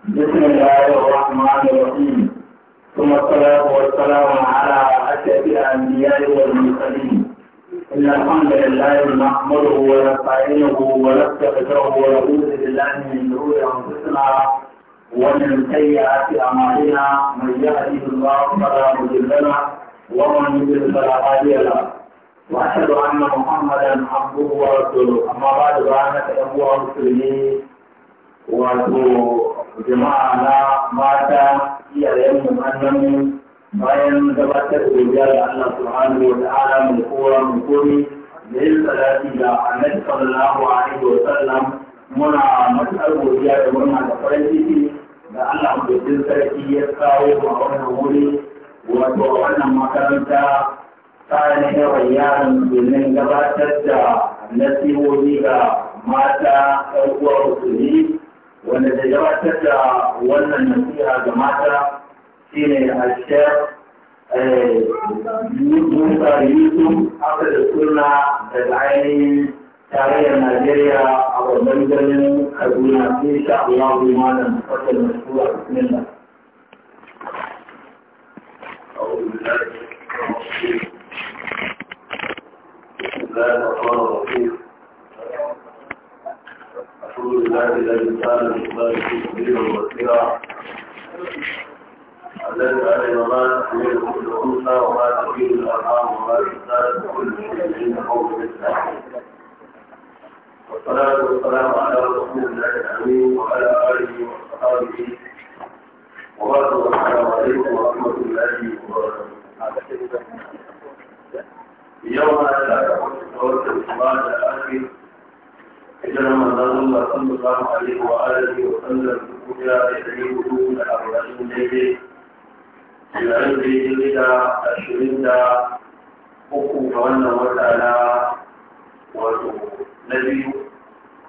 بسم الله الرحمن الرحيم ثم الصلاة والسلام على أشرف الأنبياء والمرسلين إن الحمد لله نحمده ونستعينه ونستغفره ونعوذ بالله من شرور أنفسنا ومن سيئات أعمالنا من يهده الله فلا مضل له ومن يضلل فلا هادي له وأشهد أن محمدا عبده ورسوله أما بعد فأنا أبو المسلمين wato jama'a na mata iyayen mu bayan gabatar da ya ga Allah subhanahu wa ta'ala mu kowa mu komi da yin salati ga annabi sallallahu alaihi wa sallam muna matsar godiya da murna da farin ciki da Allah mu sarki ya kawo mu a wannan wuri wato wannan makaranta ta ne yawan yaran domin gabatar da nasihohi ga mata ɗan uwa musulmi wanda da gabatar da wannan nasiha ga mata shine a shek Musa Yusuf aka da suna daga ainihin tarayyar Najeriya a babban birnin Kaduna insha Allah ma da fasal mashhura bismillah أعوذ بالله من الشيطان الرجيم بسم الله الرحمن الرحيم الحمد لله الذي كان بإخباره كبيرا وكثيرا الذي علم ما تحمل كل أنثى وما تحمل الأرحام وما تزداد كل شيء عنده بالله والصلاة والسلام على رسول الله الأمين وعلى آله وصحبه وبارك السلام عليكم ورحمة الله وبركاته. اليوم أنا لا أقول قول الإخبار الأخير إذن من الله صلى الله عليه وآله وسلم إلى يدعي وجود الأربعين ليلة إلى أن يجلد أشرين دا أكو فوانا وتعالى وأنه نبي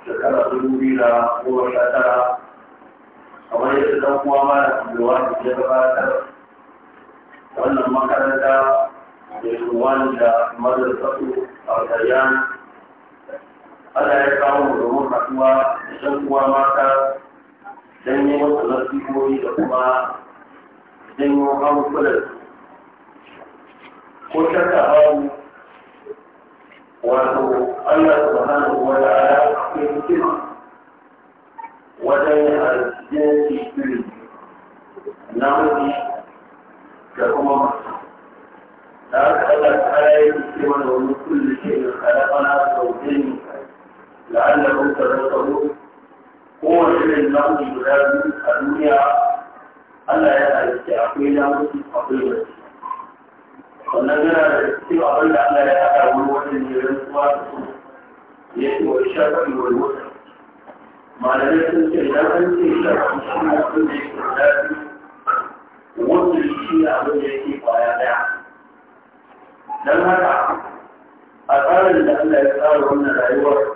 شكرا قلوبي لا هو شكرا kamar yadda zan kuma ma da kambewa da ya gabatar wannan makaranta da ruwan da madrasatu a Dayan Ana ya kawo mu domin haɗuwa da ɗan uwa mata don yi nasihohi da kuma janyo hankulan ko shakka babu wato Allah subhanahu wa ta'ala akwai hikima wajen aljinsi na namiji da kuma masu da haka Allah ta yi hikima da wani kullum shi da kalabana sau لعلهم تذكرون هو إذن نقضي يلازم الدنيا ألا يأتي أقيلا مسلم أقيلا والنبي يكتب أقيلا ألا يأتي والوحيد يرسوا يأتي والشفع والوحيد ما لم يكن كلا أنت إلا وشيء أقيلا يكتب وصل شيء أن يكتب ويأتي لم هذا أقال أن ألا يقال أن لا يورد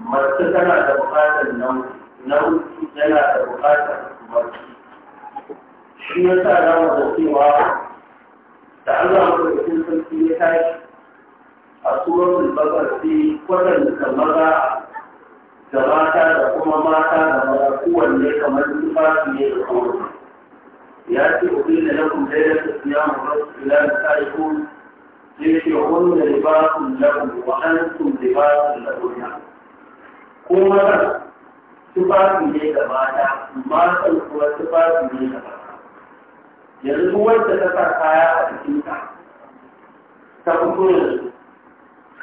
mace tana da bukatar nauyi nauyi yana da bukatar mace shi ya sa za mu da cewa da Allah madaukakin sarki ya tashi a suratul bakar sai kwatanta maza da mata da kuma mata da maza kowanne kamar tufafi ne da kowanne ya ce ubin da lakum lailatul siyam wa ila nisaikum yace hunna libasun lakum wa antum libasun lahunna ko mara tufafi ne ga mata matan kuwa tufafi ne ga mata yanzu wanda ta sa kaya a jikinta ta fito yanzu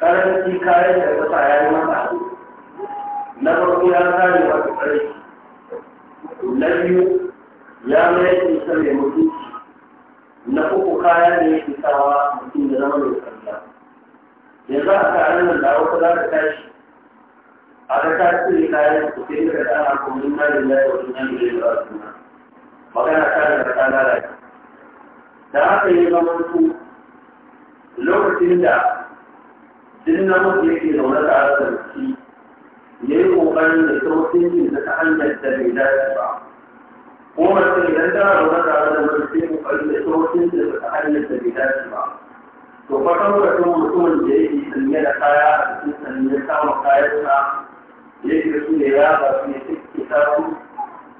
karanci kayan da ta sa ya yi mata na farko ya kare mata ƙarfi na biyu ya mayar da ita mai mutunci na uku kaya ne ya fi sawa mutum da zama mai kariya yanzu a kayan nan da wata za ta tashi هذا كان لا يستطيع أن أكون منا لله وإنا إليه راجعون وكان كان فكان ذلك ذاك يزمنك lokacin da duk namiji yake zaune da arzarci ya yi ƙoƙarin da sauƙin jin ta hanyar da bai dace ba ko mace idan ta zaune da arzarci ya yi ƙoƙarin hanyar da bai dace ba to mutumin da yake sanye da kaya a cikin sanye kama kayansa ya shiga su ne ya ba su ne suke samu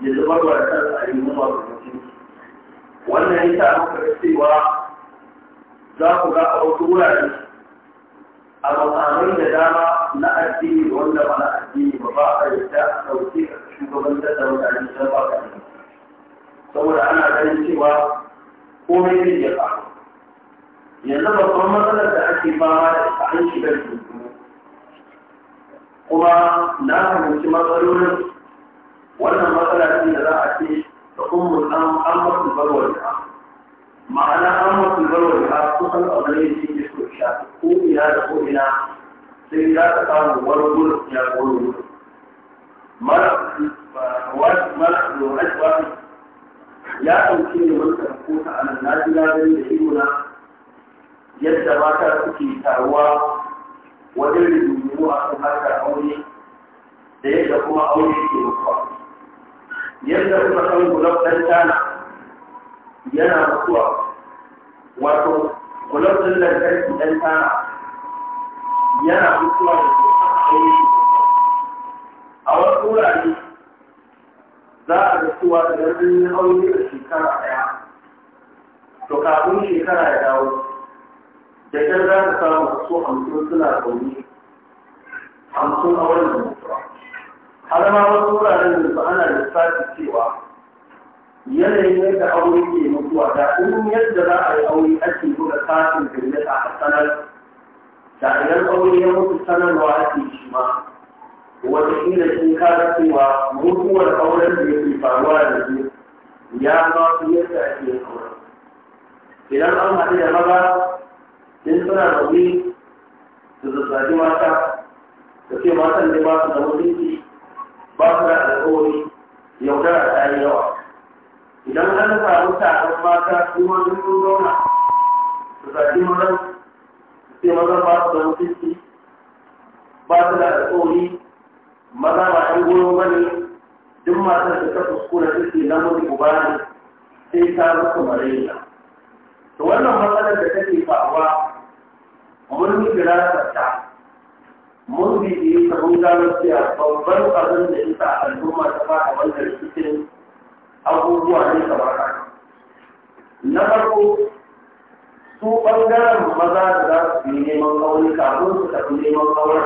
ya zubar wa da kansa a yi noma da mutunci wannan ya sa muka ga cewa za ku ga a wasu wurare a makamai da dama na addini wanda ba na addini ba ba a yadda a ɗauke a shugaban da da mutane don ba ka saboda ana ganin cewa komai zai iya faru yanzu babban matsalar da ake fama da ita an shiga da kuma na fahimci matsalolin wannan matsala ce da za a ce ta umar an an mutu barwar ta ma'ana an mutu barwar ta kusan abu ne da yake so sha ko ina da ko ina sai za ta samu wani gurin ya koyo gurin mara mara ya ɗauke da wata karfota a nan na ji ya da ilmuna yadda mata suke taruwa wajen da rubutu a kan harkar aure da yadda kuma aure ke mutuwa yadda kuma san gulab ɗan tana yana mutuwa wato gulab ɗin lantarki ɗan tana yana mutuwa da tsoron aure a wasu wurare za a ga cewa da garin aure da shekara ɗaya to kafin shekara ya dawo da ɗan za ka samu su hamsin suna zaune hamsin a wannan mutuwa har ma wasu wuraren da ba ana lissafi cewa yanayin yadda aure ke mutuwa da in yadda za a yi aure ake buga katin gari a sanar da idan aure ya mutu sanarwa ake shi ma wataƙila sun kara cewa mutuwar auren da yake faruwa da su ya ma fi yadda ake auren idan an haɗu da maza in suna da wuri su zazzaji mata da ce matan ne ba su da mutunci ba su da alƙawari yaudara ta yi yawa idan an samu taron mata kuma sun sun zauna su zaji mata su ce maza ba su da mutunci ba su da alƙawari maza ba ɗan goro ba ne duk matar da ta fuskura suke na mutu uba ne sai ta musu marayya to wannan matsalar da take faruwa mun firasarta mun bi ta sabon gano cewa babban abin da isa al'umma ta fara wannan rikicin abubuwa ne kamar haka na farko su ɓangaren maza da za su fi neman kawai kafin su tafi neman kawai.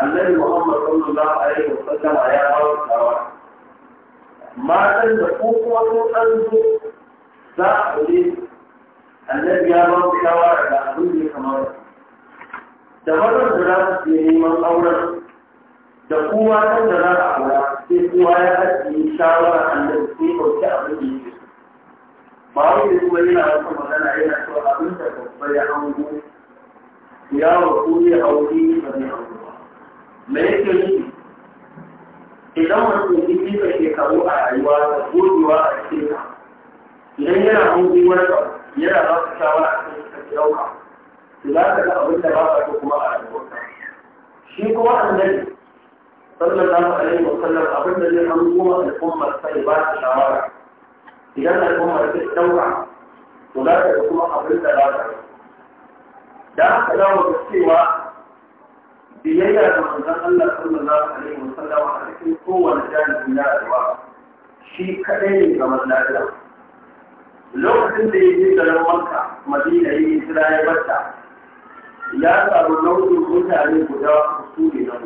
annabi muhammad sallallahu alaihi wasallam ya kawo tsawa matan da ko kuma sun an zo za a ne annabi ya ba ku shawara da abin da ya kamata da mazan da za su je neman auren da kowa kan da za a aura sai kowa ya ajiye shawara annabi sai ɗauki abin da ya ke. ba wai da kuma yana wata magana yana cewa abin da babba ya hango ya wa ko ya aure ba zai hango ba me yake nufi idan mutum ya ke shekaru a rayuwa da gogewa a cikin idan yana hango wani abu yana ba su shawara a cikin suka ɗauka su za ka ga abin da ba ka kuma a rayuwarka shi kuma annabi sallallahu alaihi wa sallam abin da zai an kuma al'ummar sai ba su shawara idan al'ummar sai ɗauka to za ka ga kuma abin da za ka yi da aka dawo da cewa biyayya da manzon Allah sallallahu alaihi wa sallam a cikin kowane jami'in na rayuwa shi kaɗai ne ga mallaɗa lokacin da ya je garin wanka, Madina yi isra ya bata ya samu nau'in mutane guda su ne nan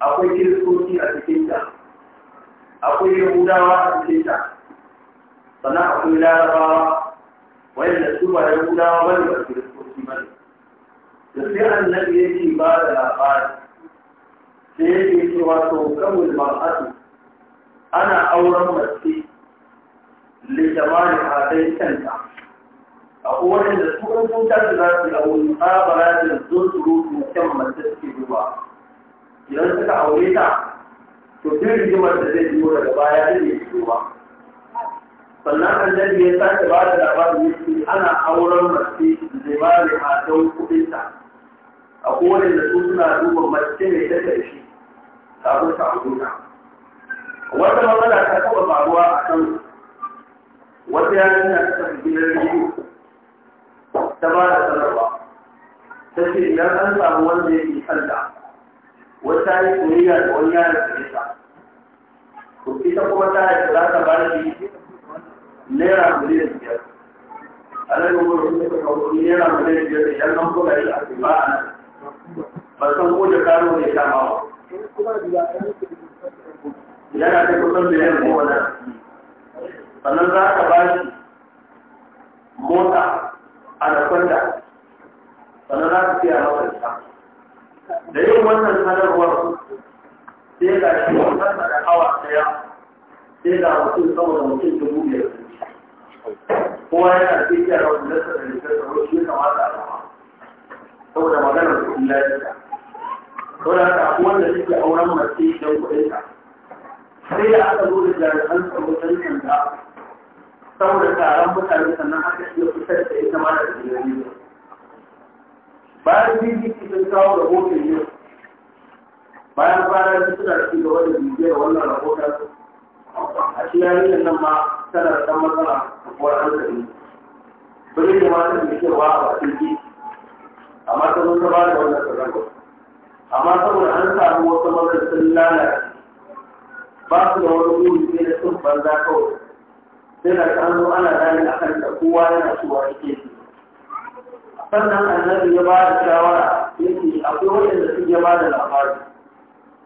akwai kiristoci a cikin ta akwai yahudawa a cikin ta sannan akwai larabawa wanda su ba yahudawa bane ba kiristoci bane da sai annabi ce ba da labari sai ce cewa to kamul mar'atu ana auren mace لجمال هذين كنتا أولا لسورة كنتا تلاتي أو المقابلة للزول سلوك مكمل تسكي جوا إذا أنت أوليتا تدير جمال تزيد جوا لبايا تزيد جوا sannan annabi ya sake ba da labarin yake ana auren mace zimari a don kudinta a kowane da su suna duba mace mai ta karshe kafin ta abuta wata matsala ta taɓa faruwa a kan wata yarinya ta tafi gidan rediyo ta ba da sanarwa ta ce idan an samu wanda ya ke kanta wata yi soyayya da wani yaron da nisa to ita kuma ta yi za ta ba da shi naira miliyan biyar ana yi wani ta kawo naira miliyan biyar da yan nan kuma yi a ba a nan ba san ko da karo ne ta mawa yana da kusan miliyan goma na sannan za ka ba shi mota a da kwanda sannan za ka siya masa ta. da yin wannan sanarwar sai ga shi wannan da hawa daya sai ga mutum saboda mutum dubu biyar kowa yana da iya rawar da nasa da rikar tsaro shi kamata a kama saboda maganar kuɗin lafiya saboda haka wanda suke auren mace don kudinta sai da aka zo da jami'an tsaro don canza saboda taron mutane sannan aka iya fitar da ita ma da tsirrai bayan bbc sun kawo rahoton yau bayan kwana biyu suna da cigaba da bibiyar wannan rahoton a shi yarinyar nan ma tana da ɗan matsala a kowar hankali bari da ma ta bibiyarwa a wasan ji amma ta zo ta ba da wannan sarrafa amma saboda an samu wasu mazan sun lalace ba su da wani wuri sai da sun banza kawai Yana da ana zane a kan da kowa yana suwa yake su sannan annabi ya ba da shawara yake akwai waɗanda suke suke ba da labari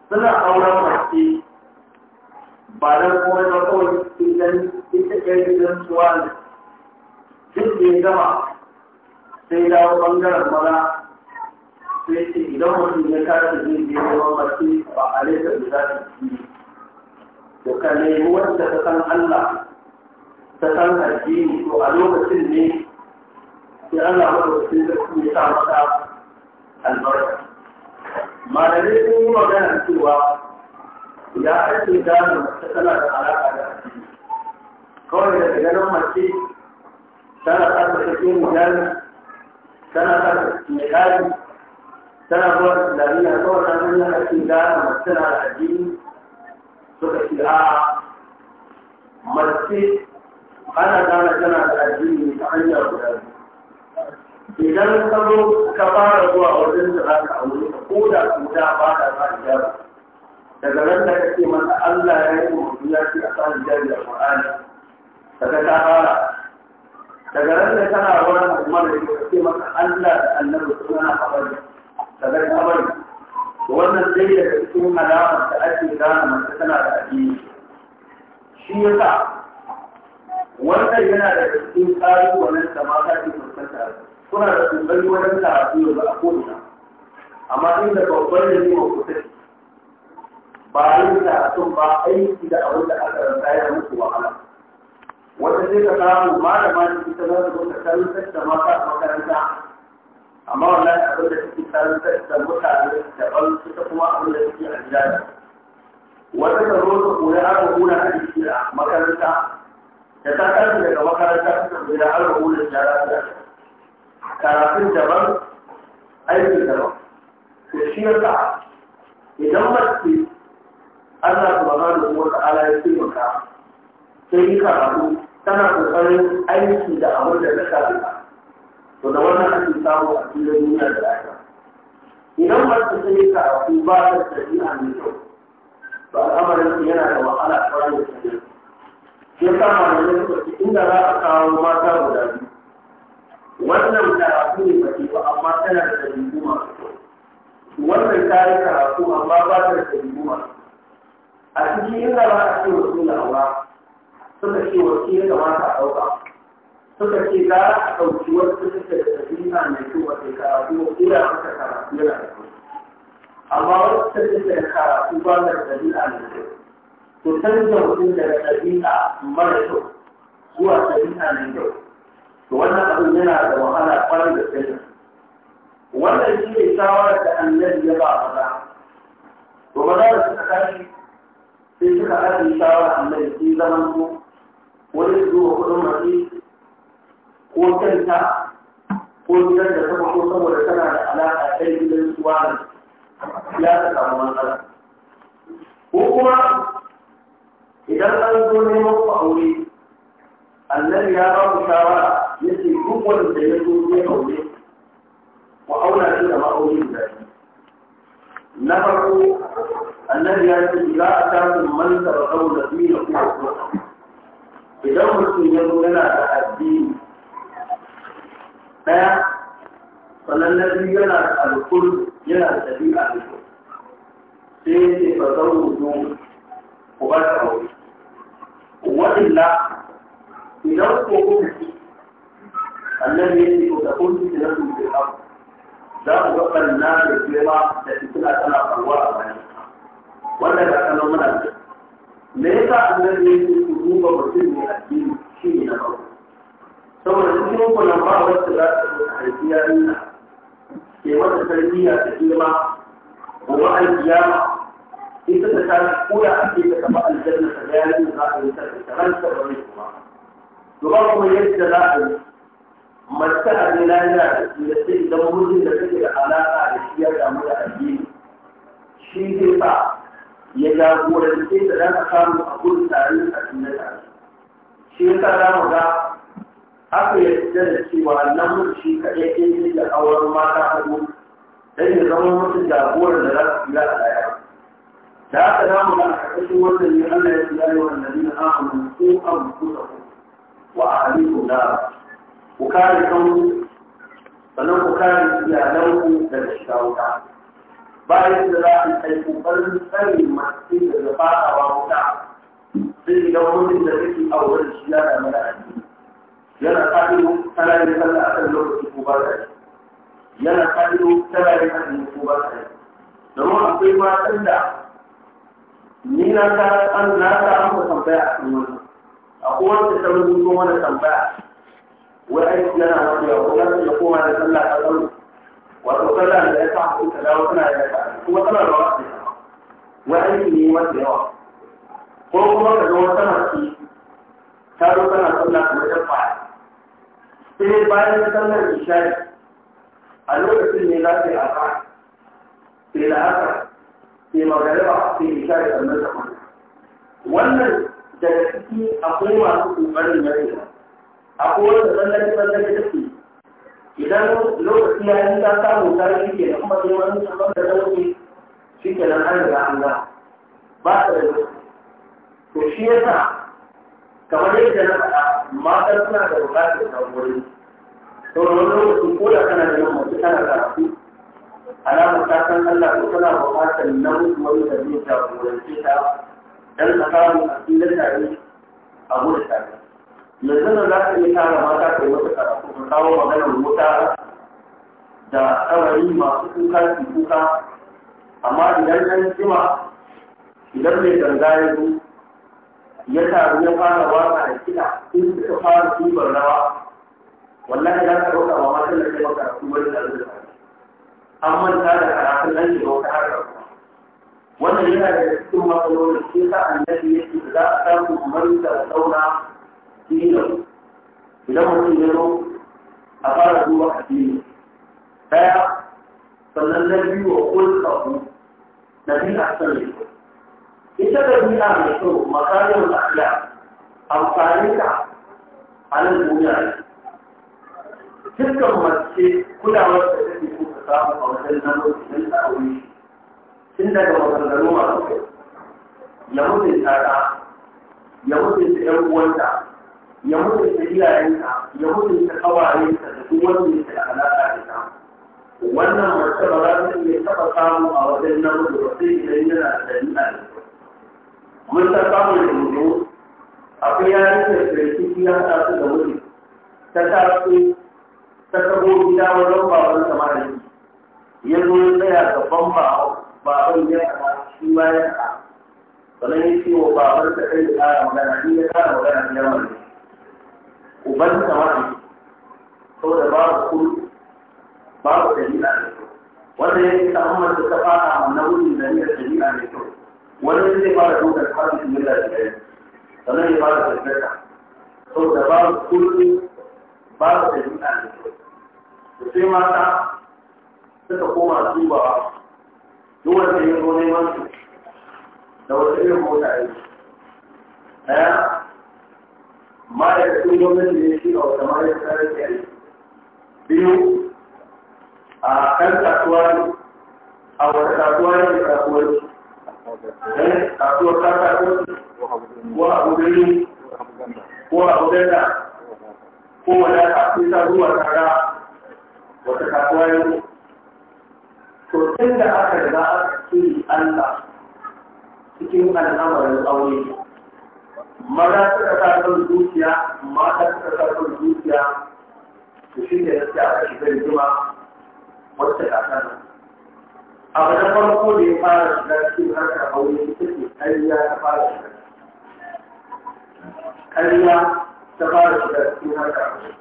suna auren mace ba don komai ba kawai idan ita kai gidan suwa ne duk da ya gama sai dawo ɓangaren mara sai ce idan mutum ya da zai je yawan mace ba a laifin da za ta ci to ka nemi wanda ta san Allah ta san addini to a lokacin ne sai Allah madaukakin sarki ya sa mata albarka malamai sun yi magana cewa ya ake gano mace tana da alaƙa da addini kawai daga ganin mace tana sa ta kake mujani tana sa ta mujani tana zuwa islamiyya kawai ta nuna ake gano mace tana da addini suka ce a mace ana gane tana da addini ta hanyar guda idan ka zo ka fara zuwa wajen da za ka aure ka ko da cuta ba ta sa hijabi daga nan da ka ce masa Allah ya yi mutu ya ce a sa hijabi a Qur'ani daga ta fara daga nan da kana wurin Umar da ka ce masa Allah da Annabi suna habari daga ta bari wannan dai daga cikin alamar da ake gane mace tana da addini shi ya sa. wannan yana da cikin ƙalubalen da mata ke fuskanta suna da kokari wajen karatu yanzu a ko'ina amma inda babban da yiwa kusa ba yin karatun ba aiki da abin da aka rasa ya musu wahala wata sai ka samu malama ne, ita za ta zo ta karantar da mata a makaranta amma wallahi abin da suke karantar da mutane daban suka kuma abin da suke a gida wata ta zo ta koyi aka kuna a makaranta da ta ƙarfi daga makaranta suka zai da an rubuta da lafiya karatun daban aiki daban da shi ya yasa idan mace Allah subhanahu wa ta'ala ya taimaka sai yi karatu tana kokarin aiki da abin da ta shafi to da wannan ake samu a cikin duniya da lafiya idan mace ta yi karatu ba ta da tafiya mai kyau to al'amarin yana da wahala kwarai da gaske shi yasa malamai suka ce inda za a kawo mata guda biyu wannan karatu ne mace ba amma tana da dabi'u masu kyau wannan ta yi karatu amma ba ta da dabi'u masu a cikin inda za a ce wasu lawa suka ce wasu ya kamata a ɗauka suka ce za a ɗauki wasu suka da dabi'a mai kyau wata karatu wasu ya mata karatu yana da kyau amma wasu suka da karatu ba da dabi'a mai kyau ku canza mutum daga ɗabi'a mara kyau zuwa ɗabi'a mai kyau to wannan abin yana da wahala kwarai da kai wannan shi ne shawarar da annabi ya ba maza to maza da suka tashi sai suka ajiye shawara annabi sai zaman su wani zuwa kudin mafi ko kanta ko gidan da ta ko saboda tana da alaƙa ta gidan suwa ya ta samu matsala ko kuma idan an zo neman aure annabi ya ba mu shawara ya ce duk wanda ya zo zai aure ku auna shi da ma'aure guda na farko annabi ya ce za a tafi man taɓa kawo da biyu da kuma kuma idan mutum ya zo yana da addini ɗaya sannan na biyu yana da alkul yana da ɗabi'a da sai ya ce ba zaune ku ba ta aure وإلا إذا وقفت الذي يجب تكون في نفسه في الأرض لا تبقى الناس الكبيرة التي تلا تلا قروار أمانية ولا تكلم منها ليس الذي يجب قلوب وسلم الدين شيء نبوي سوى نسيرك لما وصلت الحيثية لنا في وقت التربية الكبيرة ومع القيامة In da ta koya ake ta tafi aljanna ta ga yayin za a yi ta ta ranta ba ne kuma to ba kuma yadda za a yi mace a ne lafiya da su da sai idan mutum da take da alaƙa da shi ya damu da addini shi zai sa ya jagorance da za ta samu a gurin tare a cikin tare shi ya sa za mu ga aka yadda da cewa nan shi kaɗai ɗaya da auren mata a gurin dan ya zama mutum jagoran da za su yi a lafiya da aka damu da a ƙarƙashin wannan ne Allah ya fi tsaya wa annabi na amanu ko an kusa ku wa ahliku da ku kare kanku sannan ku kare iyalanku daga shiga bayan da za a kai barin tsare masu daga fadawa wuta sai idan mutum da kake auren shi ya da mara addini yana kaɗo tana yin sallah a kan lokaci ko ba da yana kaɗo tana yin addini ko ba da domin akwai matan da ni na ta an na ta an ka tambaya a kan wannan akwai wanda ta rubuto mana tambaya wai aiki yana wani ya kuma ya koma da sallah ta wani wato sallah da ya sa ku ta dawo tana da ta kuma tana da wasu wai aiki ne wanda yawa ko kuma ka ga wata mace ta zo tana sallah ta wajen fara sai bayan sallar isha'i a lokacin ne za ta yi a sai da haka sai magariba sai da wannan daga ciki akwai masu ƙoƙarin yarewa akwai wanda tsallake tsallake da su idan lokaci ya yi ta samu ta shi ke da kuma sai wani sabon da ɗauke shi ke nan an riga an ga ba ta da to shi ya sa kamar yadda na faɗa mata suna da ta wani ko da kana da kana alamar ta san Allah ko tana buƙatar namiji wani da zai jagorance ta dan a samu a filin tare a gudu tare yanzu nan za ka yi tara mata kai wata karatu ka kawo maganar mota da tsawari masu kuka su kuka amma idan an jima idan mai ganga ya zo ya taru ya fara waka da kiɗa in suka fara tubar rawa wallahi za ka ɗauka ba matan da kai maka su wani da an manta da karatun nan da wata harkar wannan yana da cikin matsalolin shi sa annabi yake da za a samu manta da zauna dinin idan mutum ya zo a fara duba addini daya sannan na biyu wa kulka ku na biyu a sanin ita da biya mai kyau makarin lafiya amfanin ta a nan duniya dukkan mace kulawar da ta ke kuka samu a wajen nano da ta wuri, tun daga maganganu masu kai ya mutunta ta ya ta yan uwanta ya ta iyayenta ya ta kawayenta da duk wanda yake da da ta wannan mace ba za ta iya taɓa samu a wajen nano da wasu idan yana da dalila da mun ta samu da mutu akwai yarinyar da kirkiki ya ta su da mutu ta taso ta tabo gida wajen baban sa malami ya zo ya tsaya gaban baban ya a shi ma ya a sannan ya ce wa baban sa kai da kara magana shi ya kara magana ya malami uban sa malami saboda babu kuru babu dalila ne wanda ya ce ta'ammar da ta fara a wannan wurin da niyyar dalila ne kyau wani zai fara dokar harfi mila da ɗaya sannan ya fara tafiya saboda babu kuru babu dalila ne kyau da sai mata suka koma dubawa duk wanda ya zo neman da wata irin mota ya yi gwamnati ne shi a wata ma'aikatar da ya biyu a kan kasuwa a wata kasuwa ne da kasuwa don kasuwar ta kasuwar ko a gudunin ko a gudunin ko wadata sai ta zuwa tara wata kasuwa ne? yi to tun da aka za a ce Allah cikin al'amarin aure maza suka sa son zuciya mata suka sa son zuciya to shi ne gaskiya aka shiga rigima wata ta sana abu na farko da ya fara shiga cikin harkar aure ita ce kariya ta fara shiga kariya ta fara shiga cikin harkar aure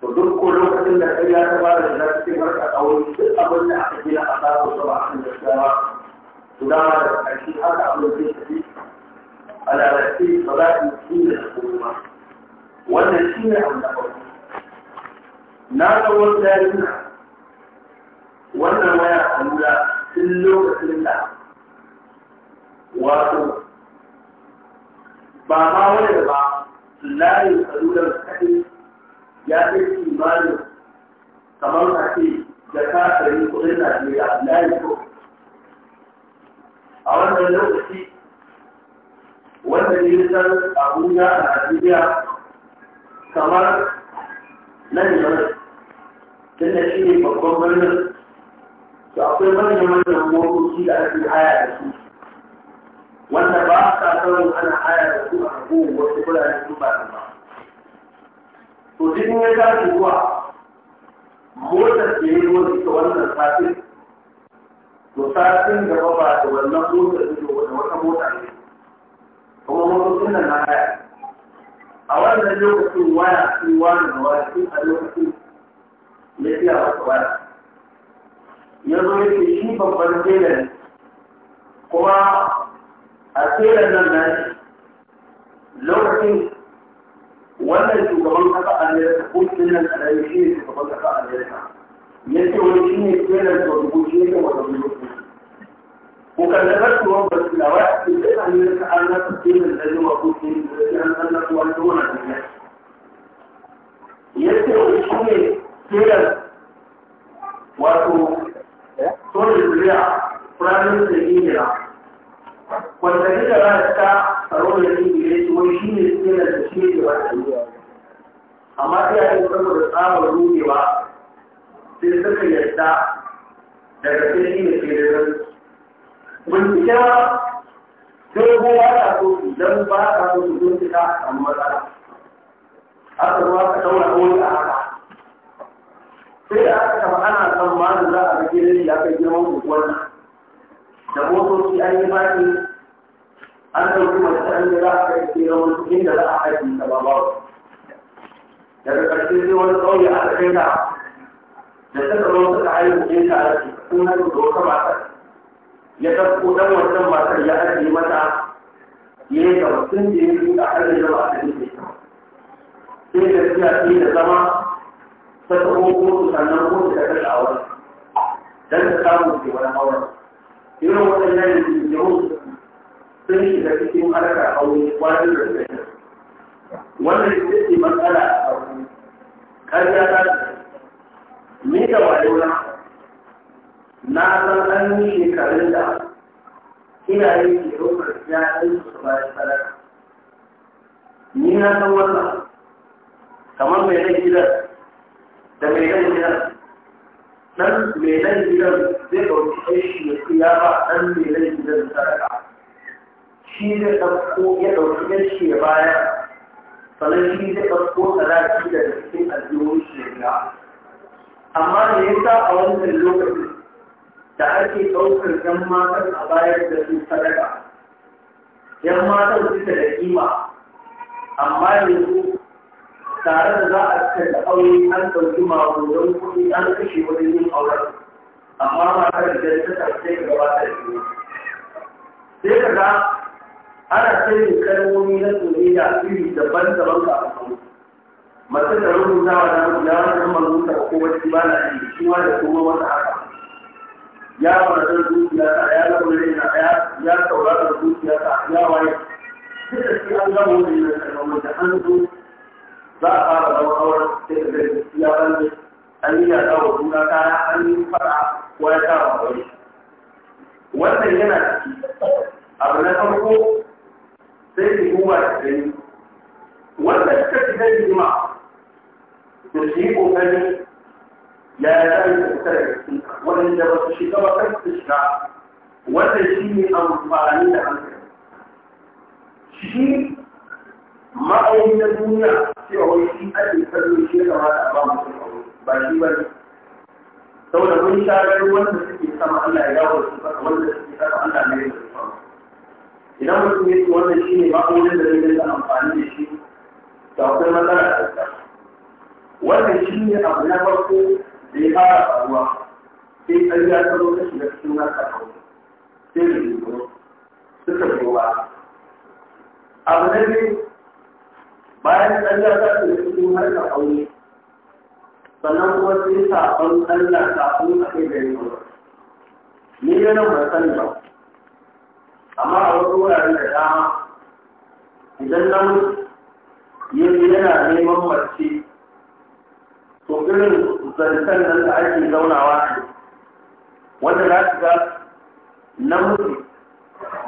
duk ko lokacin da kai ya taba da na cikin barka a wani duk abin da aka gina a tsara ko ba a kan gaskiyawa to da da kashi haka abin zai tafi alalaci ba za su yi ne da kuma wannan shi ne abin da kawai na ga wani jarina wannan waya a lura tun lokacin da wato ba ma wani ba layin a lura kaɗai ya ce imanin kamar a ce da ka sayi kuɗin Najeriya na yi ko. A wannan lokaci wanda ne san Abuja a Najeriya kamar nan yamma tun da shi ne babban birnin to akwai manya-manyan mokoki da ake haya da su wanda ba a sa ana haya da su a kowane wasu birane su ba da ba. to duk ya tashi ruwa motar da ya yi wani ta wannan satin to satin da ba da wannan motar da ke wata wata mota ne kuma motocin nan na haya a wannan lokacin waya sun wani da waya sun a lokacin ya fiya wata waya ya zo yake shi babban tela kuma a tela nan na lokacin wannan shugaban kasa amerika kusurin a alayi shi ne shugaban kasa amerika ya ce wani shi ne tsirar da rubu shi ne wata rubu ko kan da zai tuwa ba su da ya ce sai amerika an na ta tsirar da yawa ko shi ne da shi an san na tuwa ta wani duniya ya ce wani shi ne tsirar wato eh? sojin duniya firaministan ingila wanda duk da ba ta tsaro da shi ne shi wani shi ne suke da shi ne ba amma sai a yi da tsabar rubewa sai suka yarda daga sai shi ne ke da zan bincika dogo ba ta so su dan ba ta so su bincika a matsala aka zuwa ka daura wani a haka sai da aka taɓa ana tsammanin za a rage da shi aka girman hukumar da motoci an yi baki an ɗauki mace an yi za a kai ke yawon inda za a haifi ta ba ba daga ƙarshe sai wani ƙauye aka kai ta da ta zama suka haihu ne ta rashi sun haihu da wata matar ya ɗauko ɗan wancan matar ya ajiye mata ya yi gaba sun da ya yi a hannun da ba a kan yi sai da siya sai da zama ta taɓo kotu sannan kotu ta kashe a wani don ta samu ke wani auren irin waɗannan yau sun shiga cikin harkar aure kwanan da zai yi wannan ita ce matsala a aure ƙarya ta ni da wayo na na san an yi shekarun da iyaye ke ya yayan su bayan sadaka ni na san wannan kamar mai rai gidan da mai rai gidan dan me nan gidan zai ɗauki aiki ya fi ya ba dan me nan gidan sadaka shi zai ɗauko ya ɗauki aiki ya baya sannan shi zai ɗauko sadaki daga cikin aljihun shi ya amma me yasa a wannan lokacin da ake ɗaukar ‘yan matan a bayar da su sadaka ‘yan matan suka da kima amma yanzu tare da za a da aure an ɗauki magudan kuɗi an kashe wani yin auren amma matar da ta tafi gaba da shi sai ka ga ana sayin kalmomi na soyayya iri daban-daban ka a masu da rubuta wa na rubuta wa na rubuta ko wacce ba na iri shi ma da kuma wata haka ya zan zuciya ta ya rai na ɗaya ya saurara zuciya ta ya waye duk da shi an gama wani kalmomi da an zo za a fara zama auren da ya ɓalle an yi yaɗa wa juna kaya an yi faɗa wa ya kama aure wannan yana ciki abu na farko sai ki kuma da gani wannan suka fi zai yi ma da su yi ƙoƙari ya yi zai da kusa da gaske wannan da ba su shiga ba kan su shiga wannan shi ne amfani da hankali shi ma'ayin na duniya cewa wani shi ake kallo shi ya kamata a ba mutum aure ba shi ba ne saboda mun sha gani wanda suke sama Allah ya dawo su kasa wanda suke sama Allah ne ya sama idan mutum ya ce wannan shi ne ba ma'aunin da zai da amfani da shi to akwai matsala a tsakka wannan shi ne abu na farko da ya fara faruwa sai an ya tsaro ka shiga cikin nasa kawai sai da duburu suka biyo ba abu na biyu bayan sallah za ta fito har da aure sannan kuma sai sabon sallah kafin a kai da ba ni ne nan ban sani ba amma a wasu wuraren da dama idan nan yanzu yana neman mace to irin zancen nan da ake zaunawa ne wanda za su ga namiji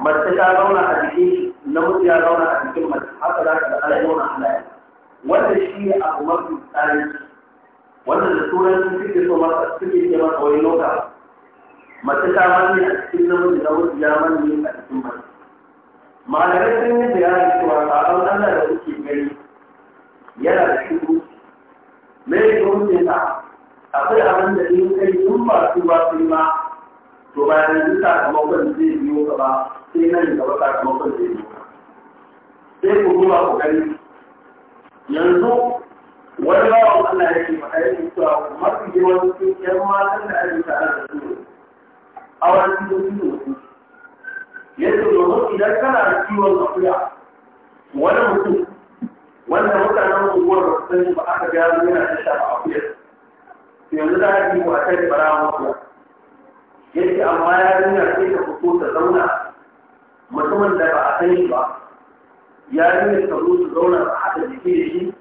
mace ta zauna a jikin namiji ya zauna a cikin mace haka za ka da ga ana zauna halaye wanda shi ne abu mafi tsarin wanda da turanci suke so masa suke ce masa wani loka mace ta manne a cikin namiji namiji ya manne a cikin mace malamai sun yi bayani cewa sabon Allah da kuke gani yana da shuru me ya yi ta akwai abin da in kai in ba su ba su ma to bayan duka kamar sakamakon zai biyo gaba sai nan gaba kamar sakamakon zai biyo sai ku duba ku gani yanzu wani bawan Allah yake ce maka yake cewa mafi yawancin ƴan matan da ake tare da su a wani cikin su mutu yadda domin idan kana da ciwon akuya wani mutum wanda mutanen unguwar ba su sani ba aka gano yana da shafa akuyar yanzu za a yi wa kai bara mutuwa yake amma ya nuna sai ka fito ta zauna mutumin da ba a san shi ba ya nuna taro su zauna a haɗa jiki da shi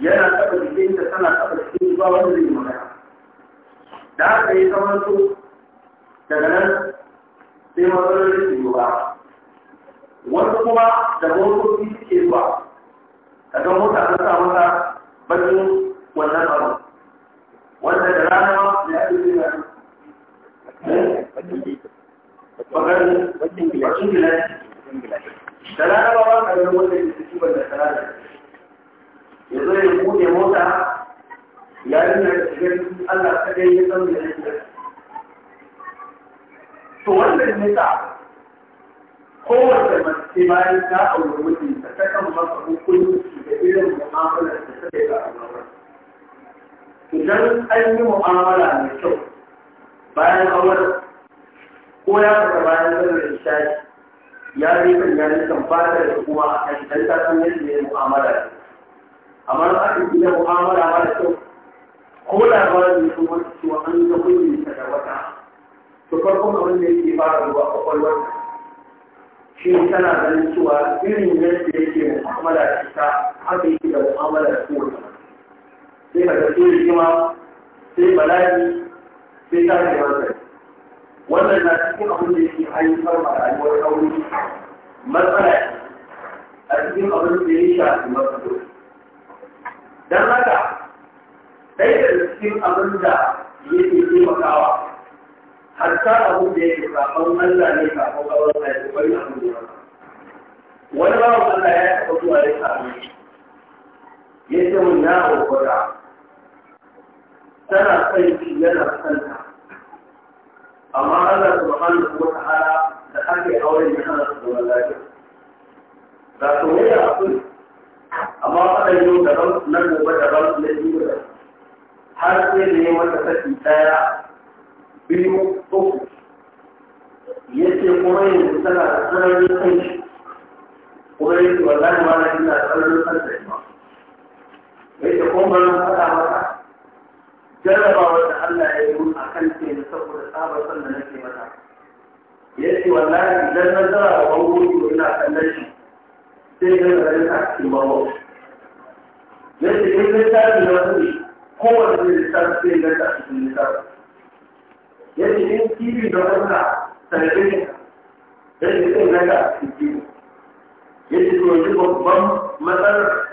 yana taɓa jikin da tana taɓa jikin ba wanda zai magana da haka yi zama to daga nan sai matsalolin su yiwuwa wasu kuma da motoci suke zuwa daga mota an sa masa bakin wannan abu wanda da rana ma ya yi zai eh? bakin gilashi da larabawa a ganin wanda ke ciki ban da sarara ya zo ya buɗe mota ya yi na cikin Allah ɗaya ya san da yake to wannan ne sa kowace mace bayan ta aure mijinta ta kan masa hukunci da irin mu'amalar da take da aure idan an yi mu'amala mai kyau bayan aure ko ya fita bayan zama zanen shashi ya yi kan ya yi kan fara da kuma a cikin dan ta san yadda ya mu'amala amma na aka yi mu'amala ma da kyau ko da ba yi kuma cewa an ga yi ta da wata to farkon wanda ya yake fara ruwa a kwakwalwar shi tana ganin cewa irin yadda yake mu'amala da ita haka yake da mu'amala da kowace sai ka ga sai rigima sai bala'i sai ta ne wanda wannan na cikin abin da yake haifar da rayuwar aure matsala a cikin abin da ya shafi matsaloli don haka ɗaya daga cikin abin da yake taimakawa hatta abin da yake kafin Allah ne kafin auren aiki wani abin da ya wani bawan Allah ya taɓa zuwa ya samu ya ce mun na aure tana son shi yana son ta amma Allah subhanahu wa ta'ala da ake auren ya hana su zaman lafiya ga soyayya akwai amma faɗan yau daban na gobe daban na jiwa da har sai da yi mata kashi ɗaya biyu uku ya ce kuma yanzu tana da tsananin kan shi kuma yanzu ce wallahi ma na ina tsananin kan da ya ce kuma ba na faɗa mata jarrabawar da Allah ya yi mun a kan ce na saboda tsabar son da nake mata ya ce wallahi idan na zara da bangoji ko ina kallon shi sai ga zarin a cikin bango ya ce in zai tafi na wani kowane zai lissafi sai ga ta cikin lissafi ya ce in kibi da wanda sarfe ya ce sai ga ta cikin kibi ya ce to yanzu babban matsalar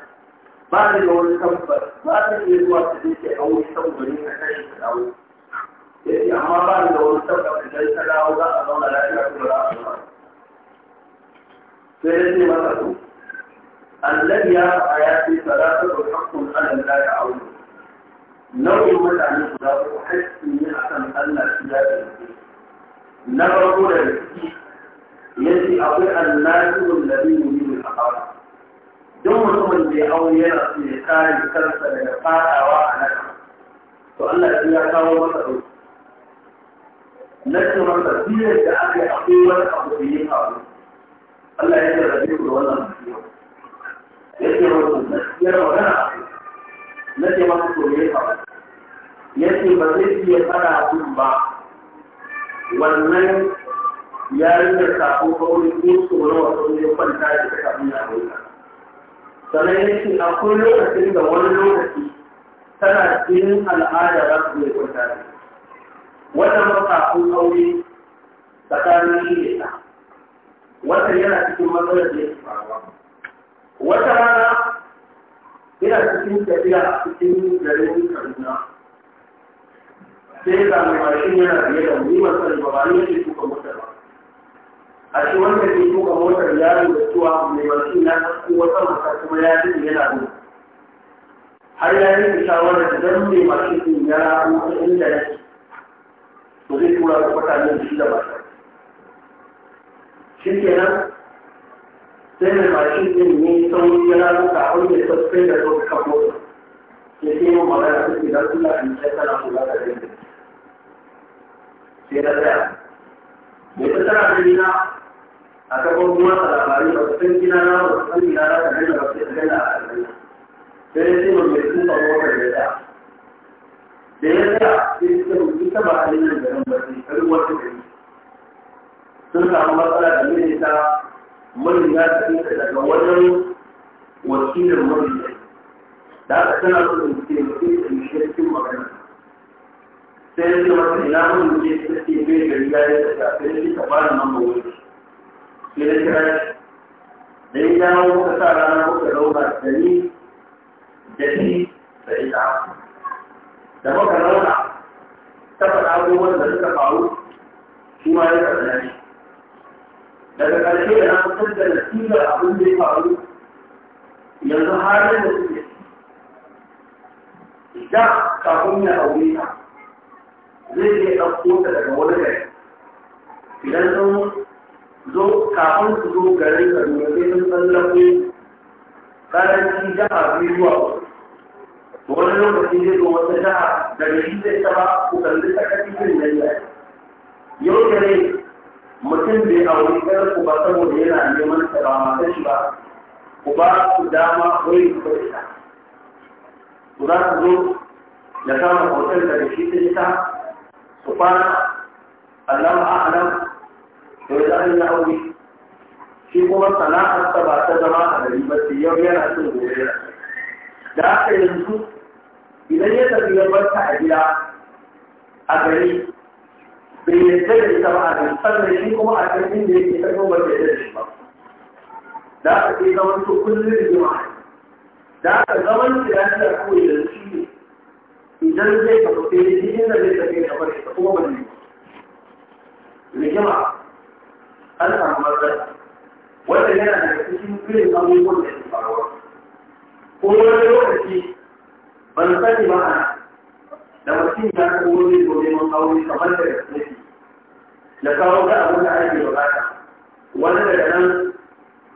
ba ni da wani tabbas ba ni da iya zuwa ta ke a wuri saboda ni na kashi ta dawo yace amma ba ni da wani tabbas idan ta dawo za a zauna lafiya kuma za a zauna sai ya ce masa to annabi ya faɗa ya ce salatu da hakkun alal la ya aure nau'in mutane guda uku hakki ne akan Allah shi ya ce na farko da ciki yace akwai annabi wallahi yumin al-aqaba duk mutumin da ya aure yana su ya kare kansa daga fadawa a nan to Allah ya kawo masa ɗauki na ce masa biyar da aka yi akwai wani abu da ya faru Allah ya rabe ku da wannan mutuwa ya ce ya gaskiyar magana na ce masa to ya faru ya ce ba zai iya fara kun ba wannan ya yi da kafin kawai ko tsoron wasu ne kwanta da ta kafin ya hauka sannan ya ce akwai lokacin da wani lokaci tana jinin al'ada za su zai kwanta ne wannan makafin aure tsakanin shi da ta wata yana cikin matsalar da ya faruwa wata rana ina cikin tafiya a cikin garin kaduna sai ga mai mashin yana biye da mu yi masar ba ba ne ya ce tuka motar ba a shi wanda ke tuka motar yaro da tuwa mai wasu na ɗauko wata mata kuma ya daɗe yana gudu har ya yi da shawarar da zan mai masu ɗin ya rafu ta inda yake to zai tura da kwata shi da mata shi kenan sai mai masu ɗin ne sauri ya rafu kafin ya sassai da zo kan motar ya ce yin magana su ke don suna in sai tana kula da rai sai na tsaya mai tattara da nina a kafin kuma a labarai ba san gina na ba san gina na ka gina wasu sai gina a kan sai sai mun mai tuka motar da ya da ya sa sai suka rubuta ta ba a yin nan garin ba sai kar wata gari sun samu matsala da mai ta mun ya tafi daga wajen wakilin mun da aka tana da wakilin wakilin da shi cikin magana sai ya ce masa ina mun je sai ce mai gari ya yi da ta sai ya ce ta fara da mamman wani sai da kira da ya dawo sa rana muka rauna da ni da shi da ita da muka rauna ta faɗa abubuwan da suka faru shi ma ya karɓi shi daga ƙarshe da na fitar da nasibar abin da ya faru yanzu har da suke da kafin ya aure ta zai iya ɗauko ta daga wani gari idan sun zo kafin su zo garin kaduna sai sun tsallako karanci jiha biyu zuwa ba. wani lokaci zai zo wata jiha da shi zai taba ku kalli sakaci irin nan ya yau da ne mutum bai auri ɗan ku ba saboda yana neman ta ba matan shi ba ku ba su dama wai ku da ita ku za su zo da kama hotel da shi ta ita su kwana Allah ma'alam yanzu an yi aure shi kuma sana'arsa ba ta zama a gari ba ce yau yana cin gobe yana da haka yanzu idan ya tafi ya barta a gida a gari bai yadda da ita ba a gari sannan shi kuma a kan inda yake ta kuma bai yadda da shi ba da haka sai zaman to kullum rigima da haka zaman siyasa ko yanzu shi ne idan zai tafi sai ya ji inda zai tafi ya bar ita kuma ba zai rigima an samu matsala wanda yana daga cikin irin abubuwan da ke faruwa ko wani lokaci ban sani ba ana da mutum ya ko wani gobe mun aure kamar da yake da kawo ga abin da ake bukata wani daga nan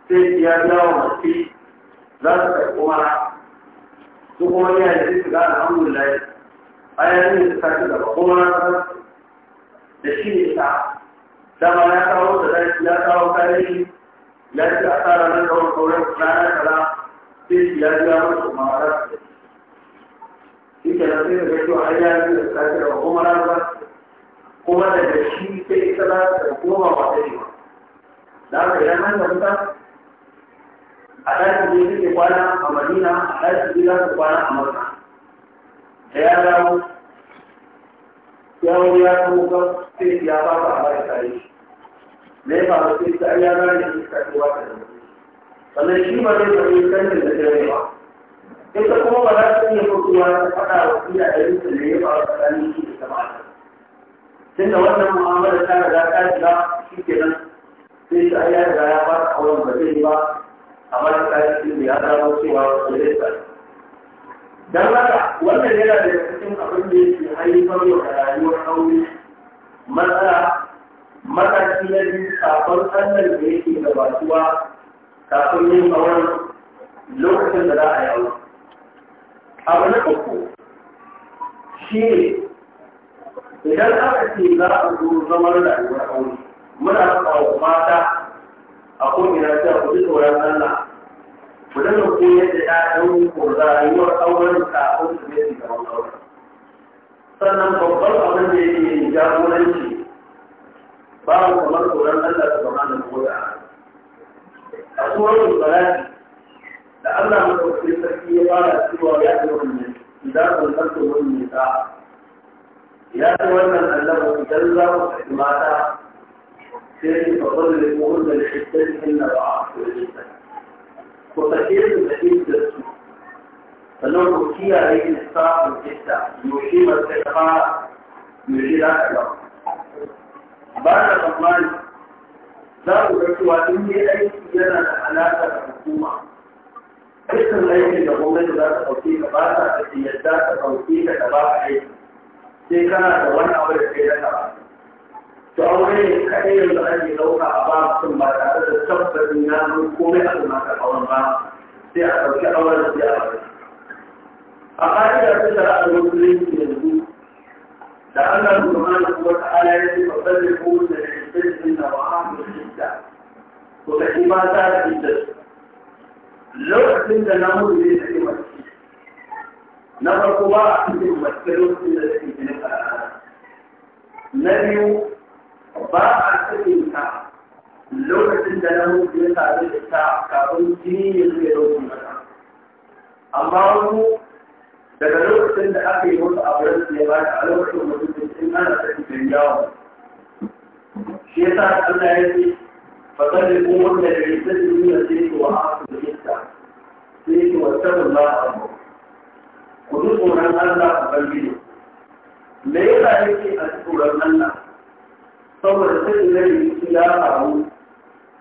sai ya dawo masu za su karɓi mara su kuma ya yi su ga alhamdulillah bayan yin su sake gaba kuma da shi ne ta dama ya kawo da zai ya kawo kayan ya ce a tsara na da wani kauran rana kaza sai shi ya biya wani kuma a rasu shi ke nan sai da gaito a ya yi da sake da kuma rana kuma daga shi sai ita za ta koma ba ta yi ba da haka idan an da mutan a ɗakin kwana a madina a ɗakin da za kwana a makka da ya dawo ya wuya kuma sai ya ba ta a bayan shi me ya faru sai ta ya gane shi ka tuwa ta da sannan shi ba zai tafi sanin da dare ba ita kuma ba za ta iya mutuwa ta faɗa wa iyayen su da ya faru tsakanin shi da jama'a da wannan mu'amala ta riga ta shiga shi kenan sai ta ya riga ya fara auren ba zai ba amma ta shi da ya dawo cewa ba zai tsari Dan haka wannan yana da cikin abin da yake haifar da rayuwar aure matsala mataki ya yi kafin sallar da yake gabatuwa kafin yin auren lokacin da za a yi aure abu na uku shi ne idan aka ce za a zo zaman rayuwar aure muna kawo mata a ko'ina cewa ku ji tsoron Allah ku dinga koyar da ƴaƴan ku rayuwar auren kafin su ne su gaban auren sannan babban abin da yake jagoranci babu kamar tsoron Allah subhanahu wa ta'ala a tsoron salati da Allah madaukakin sarki ya fara cewa ya ce wannan idan kun sarki wani ne ya ce wannan Allah idan za ku saki mata sai ki fadar da ku wanda da shiddatin na ba a ku sake su da da su sannan ku kiyaye lissafin kitta yaushe masu ta fara yaushe za ka gaba ba na tsammani za ku ga cewa in yi aiki yana da alaƙa da hukuma dukkan aikin da gwamnati za ta ɗauke ka ba ta da yadda ta ɗauke ka da ba ka aiki sai kana da wani abu da kai na ba to wani ne kaɗai yanzu ake ɗauka a ba mutum ba tare da tabbacin ya zo komai a kuma ka auren ba sai a ɗauki auren sai a ba a ƙa'idar ta shara'a da musulunci yanzu لأنه سبحانه وتعالى يجب أبلغون للفتن وعام الشدة وكما ذلك الدرس لو أتمنى نمر للحكمة نمر قباء أتمنى مذكرون في التي نبي باع أتمنى لو أتمنى نمر للحكمة كابن جيني يزيرون مكان أما هو daga lokacin da aka yi wasu abin da ya bada a lokacin mutum in ana saki mai yawon shi ya sa Allah ya ce fasar da kuma wanda yi ya sani duniya sai ke wa aka da yadda sai ke wa sabon ba a abu ku ji tsoron Allah a bangare me ya sa yake a tsoron Allah saboda sai da rikici ya faru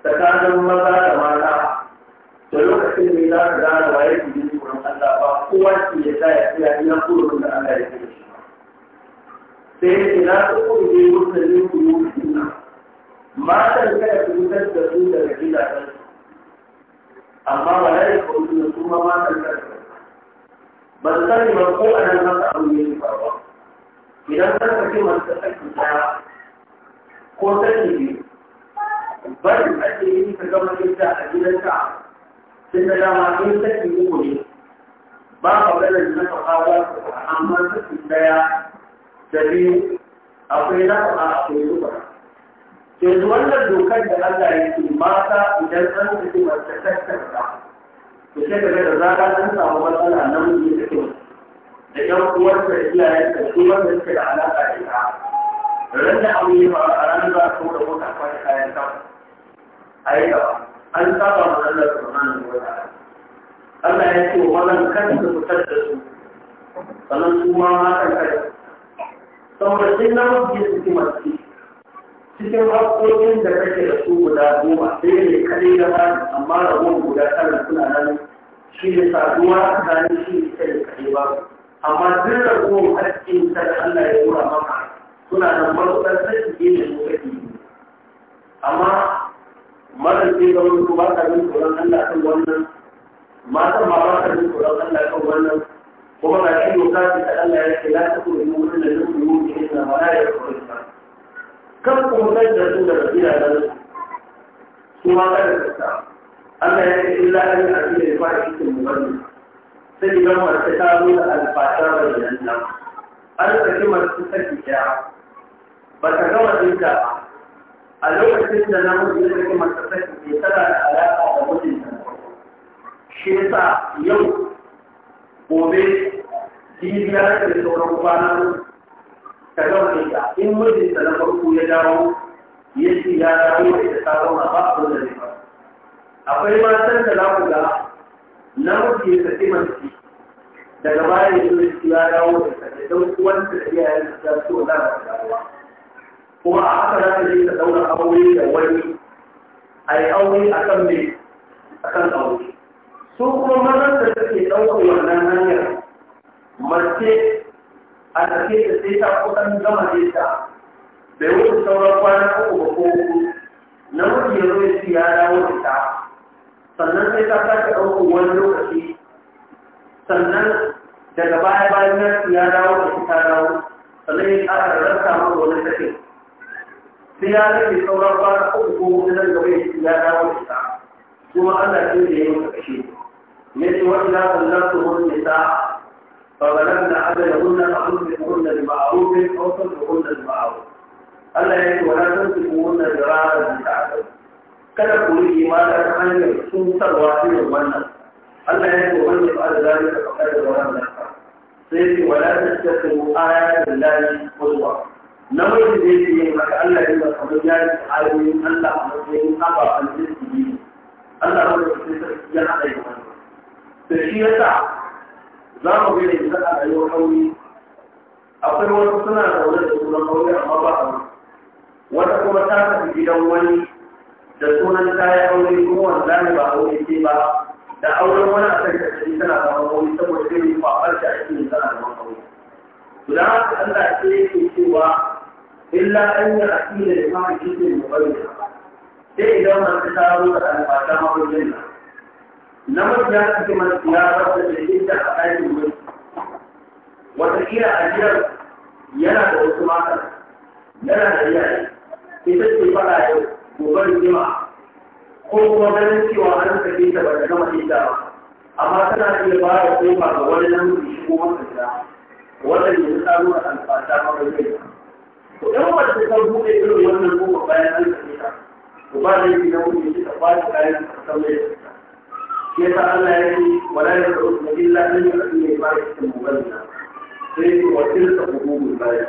tsakanin maza da mata da lokacin da ya za ka gane wa yake kowa shi ya sa ya tsaya ina kurin da Allah ya kira shi sai ya ce na tsoko ne mutane ku yi suna matan kada ku mutar da su daga gidajen amma ba na yi kwamfi da su ma matan kada ban sani ba ko a nan masa abu ne ba ba idan ka kace masu tsaki ɗaya ko sani biyu bari ake yi ka gama ita a gidanka sai da dama in saki uku ne ba a maganar na faɗa amma suke ɗaya da biyu akwai na a akwai zuba yanzu wannan dokar da Allah ya ce mata idan an tafi mace tattarta to sai daga da zaga an samu matsala nan ne da kyau da ƴan uwarsa da iyayenta su wanda suke da alaƙa da ita ran da abu ya faru a ranar za su da mota kwashe kayan ta a an saba ma Allah subhanahu wa ta'ala Allah ya ce wa nan kan su fitar da su sannan su ma kan kai saboda sai na wuce su ki masu cikin haƙoƙin da kake da su guda goma sai ne kaɗai da ba amma ragon guda tara suna nan shi ne saduwa tsakanin shi ne kai kaɗai ba amma duk ragon haƙƙin ta da Allah ya tura maka suna nan matuƙar sai su ne su kake amma mara ce ga wani kuma ka jin tsoron Allah kan wannan matan ma ba ta jin tsoron Allah kan wannan kuma ga shi doka ce da Allah ya ce la ta kuma yi wurin da zai yi wuce na ma ya kawai ba kan kuma da su da rabiya da su su ma kada su ta Allah ya ce illa an yi abin da ya fara cikin mubarni sai idan mace ta zo da alfata da yanda an saki mace ta kiya ba ta gama dinka ba a lokacin da na namiji ya saki mace ta kiya tana da alaƙa da mutum shi yasa yau gobe jibiya da sauran kwana ta gaba da in ta na farko ya dawo ya ce ya dawo da ita ta zauna ba a da ba akwai matan da za ku ga namiji ya saki mace daga baya ya zo ya dawo da ita da don wanda da iyayen da ta so na dawowa kuma a haka za ta je ta daura aure da wani a yi aure akan mai kan aure su kuma mazan da suke ɗaukar wannan hanyar mace a take da sai ta kusan gama zai ta bai wuce sauran kwana uku ba ko uku namiji ya zo ya ci ya dawo da ta sannan sai ta sake ɗaukar wani lokaci sannan daga baya bayan ya ci ya dawo da ta dawo sannan ya ƙara rarrasa maka wani take sai ya rage sauran kwana uku ko uku nan gaba ya ci ya dawo da ta kuma Allah sai da ya yi maka kashe يجي وإذا طلقتهن النساء فبلغن أجلهن فأمسكوهن بمعروف أو صلحوهن بمعروف Allah ya ce wala san su kuma wannan zirara da ta kada ku yi imani ta hanyar tuntarwa irin wannan Allah ya ce wani ba da zai ka faɗa da wannan sai ce wala tattaku ayatul lahi qulwa namiji zai ce yin Allah ya maka mujahid a matsayin ababen da su yi Allah ya ce sai haɗa da shi ya sa za mu gina yanzu a rayuwar aure akwai wani suna zaune da sunan aure amma ba a wata kuma ta tafi gidan wani da sunan ta yi aure kuma wanda ne ba aure ke ba da auren wani a kan kashe tana zaman aure saboda zai yi kwabar da ake yi tana zaman aure. Guda haka Allah ce yake cewa illa an yi aƙila da fahimci ne mu bari sai idan masu taro da alfata mafi yin nan. namiji ya suke mana ya rasa da inda aiki ɗakin wani wataƙila a jiyar yana da wasu mata yana da iyaye ita ce faɗa yau gobe rigima ko kuma ganin cewa an sake ta ba ta gama ita ba amma tana iya ba da kofa ga wani namiji shigo wata gida wannan yanzu ta nuna alfata mabarai to ɗan wata ta buɗe irin wannan kofa bayan an sake ta to ba da yake na wuce ta ba da kayan ta kamar كيف الله يأتي ولا يدعون إلا من يؤمن بما يسمونه sai وتلك حقوق البلد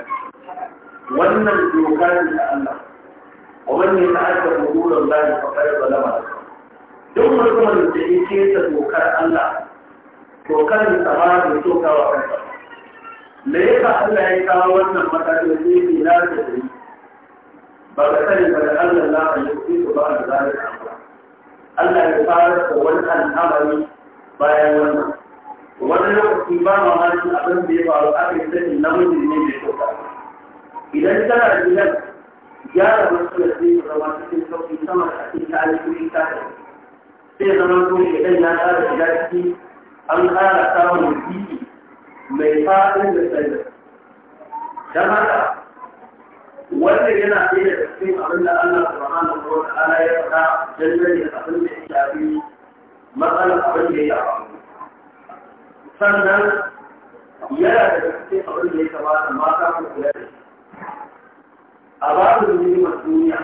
wannan doka ne na Allah wa wanda ya ta'adda hudurar Allah fa qad zalama duk mutumin da ya keta dokar Allah to kan sa ba da doka wa kansa me yasa Allah ya kawo wannan mataki da ke na da ba ka sani ba da Allah na a yi ba da zalika Allah ya fara da wani al'amari bayan wannan wani lokaci ba mamaki abin da ya faru aka yi na namiji ne mai kyauta, idan tana da gidan gyara wasu da zai zama cikin sauƙi sama da ake ta alƙuri ta sai zama to idan ya tsara shiga ciki an tsara samun biki mai fa'in da tsaye don haka وَلَكِنَّ إِلَى تَقْسِيمِ أَمْنَ أَنَّ الرَّحْمَنَ وَتَعَالَى يَرْعَى جَلَّ يَتَقَلِّ إِحْلَابِي مَقَلَ قَبْلِ يَعْرَمُ فَنَّا يَلَى تَقْسِيمِ أَمْنَ يَتَوَاتَ مَا كَفُ قُلَدِهِ أَبَعْدُ الْمِنِي مَسْمُونِيَا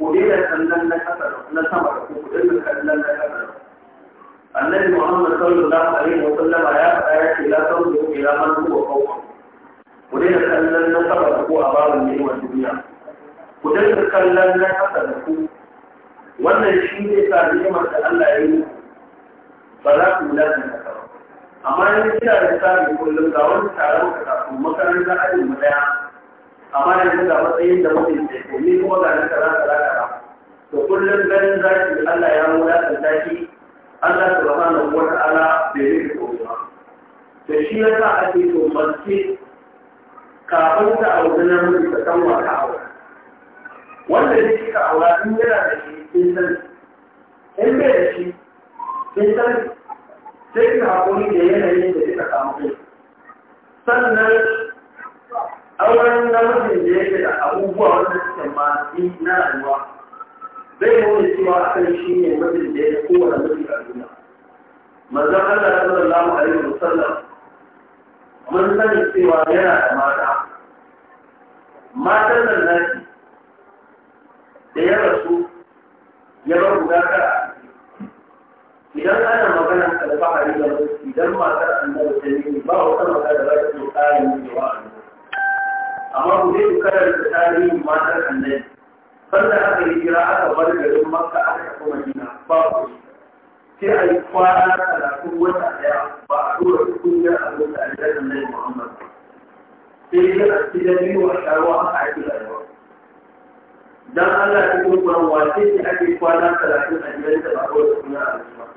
قُلِلَ سَنَّا لَكَفَرُ نَسَمَرُ قُلِلُ كَلَّا لَكَفَرُ أَنَّ ان الْمُحَمَّدَ صَلُّ اللَّهُ عَلَيْهِ وَسَلَّمَ آيَاتِ آيَاتِ إِلَى صَوْدُهُ إِلَى مَنْ هُوَ قَوْمَهُ ku daina kallon na sama da ku a babin neman duniya ku daina kallon na ƙasa da ku wannan shi ne sa neman da Allah ya yi ba za ku wulata ta amma yanzu kina da tsari kullum ga wani taron ka kafin makaranta ajin mu daya amma yanzu da matsayin da mutum ke komi kuma ga na kaza kaza kaza to kullum ganin zaki Allah ya wulata shi Allah subhanahu wa ta'ala bai yi komai ba Da shi yasa ake to masjid kafin ta auri na ta ka san wa ka aura wanda zai ka aura in yana da shi kin san in bai da shi kin san sai ka hakuri da yanayin da ya samu kai sannan auren mutum da yake da abubuwa wanda suke masu na rayuwa zai nuna cewa akan shi ne mutum da ya kowane mutum a duniya manzon Allah sallallahu alaihi wasallam mun sani cewa yana da mata matan nan nasi da ya rasu ya bar guda tara idan ana magana alfahari da wasu idan matar da ta yi ba wata magana za ta yi tsarin cewa amma ku zai karar da tarihin matar Ban da aka yi jira aka bar garin maka aka tafi madina ba ku sai a yi kwana talatin wata daya ba a tura kungiyar abin da aljanna nai Muhammadu. sai da biyu a sharuwa haka ake rayuwa dan Allah ya kuma kuma wace ce ake kwana talatin a gidan da ba kawai da kuna a rasuwa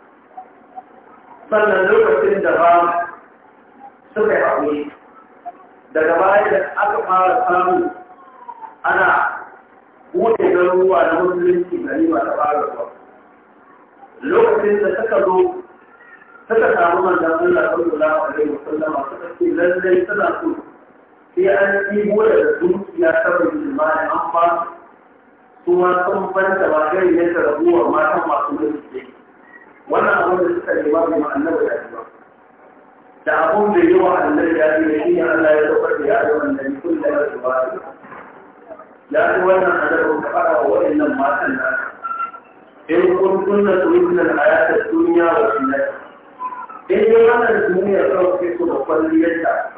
sannan lokacin da ba suka yi haƙuri daga baya da aka fara samu ana buɗe garuruwa na musulunci gari ba ta fara zuwa lokacin da suka zo suka samu manzan Allah sallallahu alaihi wasallama suka ce lallai suna so في أن في مولد الدنس في من الماء الأنفع ثم أصبح فانت باكي يتربو وما تم أصبح فيه وانا أقول لك الإمام بما أنه يا إمام تعقوم بيوع أن الذي يأتي لكي أن لا يتفر في أعلم أن لن يكون لها الإمام يا أخوانا أدب الكفر وإن الماء الناس إن كنتن تريدن الحياة الدنيا والحياة إن يوانا الدنيا فوق كيف تفضل يجعل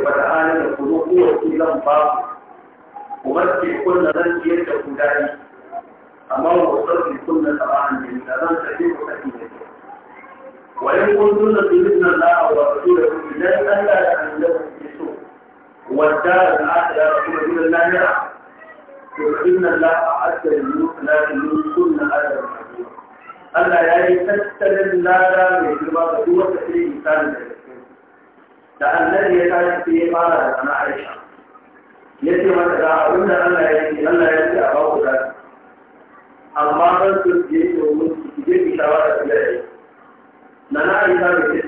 وتعالى القلوب وفي لهم ومسك كل ذنب يده داعي أمر وصرف كل طبعا من أذن تكيف تكيف وإن كنتم تريدن الله ورسوله بالله ألا يعلمه بسوء والدار الآخرة رسول الله يرى فإن الله أعد للمؤمنات من كل أجر ألا يعني تستلم لا لا من كلمة قوة في إنسان da annabi ya tashi sai ya fara da sana aisha ya ce mata ga abin da Allah ya ce Allah ya ce a ba ku da amma ban su je ki mun ki je ki shawara da Allah na na aisha da ce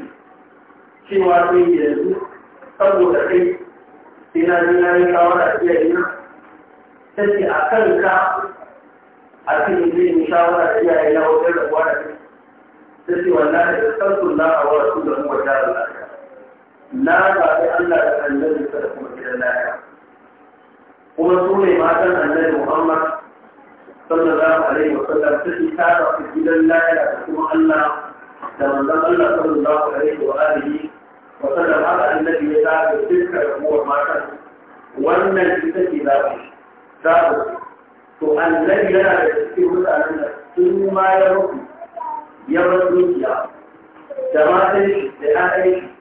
cewa sai yanzu saboda kai sai na ji na yi shawara da Allah ta ce a kanka a cikin zai shawara da Allah ya wajen rabuwa da kai ta ce wallahi da sarkun la'a wa rasulun wa jarar la'a na zaɓi Allah da annabi kada kuma gidan laya, kuma su ne matan annabi Muhammad sallallahu alaihi wa sallam suke ta su gidan laya da kuma Allah da manzon Allah sallallahu alaihi wa alihi wa sallam haka annabi ya zaɓi dukkan rabuwar matan wannan ita ke zaɓi zaɓi to annabi yana da cikin mutanen da sun ma ya rufe ya bar dukiya da matan shi da 'ya'yan shi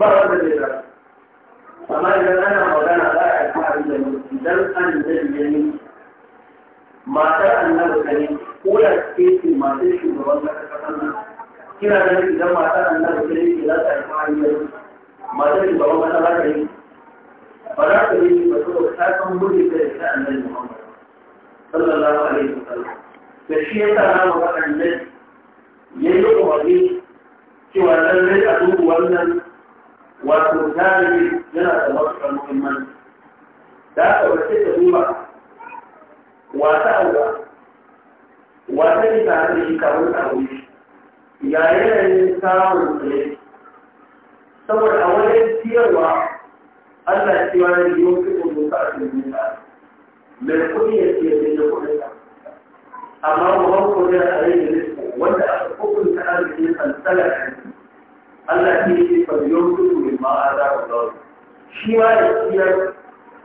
ba wanda zai zama amma idan ana magana za a yi fa'ari da mutu don an zai yi matar annabi kare ko ya ce ce matar shugaban kasa kasan nan kina ganin idan matar annabi kare ke za ta yi fa'ari da mutu matar shugaban ta yi ba za ta yi ba saboda ta san mutu da ita annabi muhammad sallallahu alaihi wasallam da shi ya sa na magana annabi ya yi umarni cewa lallai a duk wannan wato galibi yana da matuƙar muhimmanci da aka wace ta duba wata aura wata ne ta da shi kawai ta wuri ya yanayin samun tsaye saboda a wajen siyarwa Allah ya cewa ne yiwu fi kudu ka a cikin mai kuɗi ya ce da kuɗin amma ba wani kuɗi a tare da wanda aka hukunta arzikin kan talaka Allah ke yi fadiyon kudu mai ma'aza ku zaune shi ma da siyar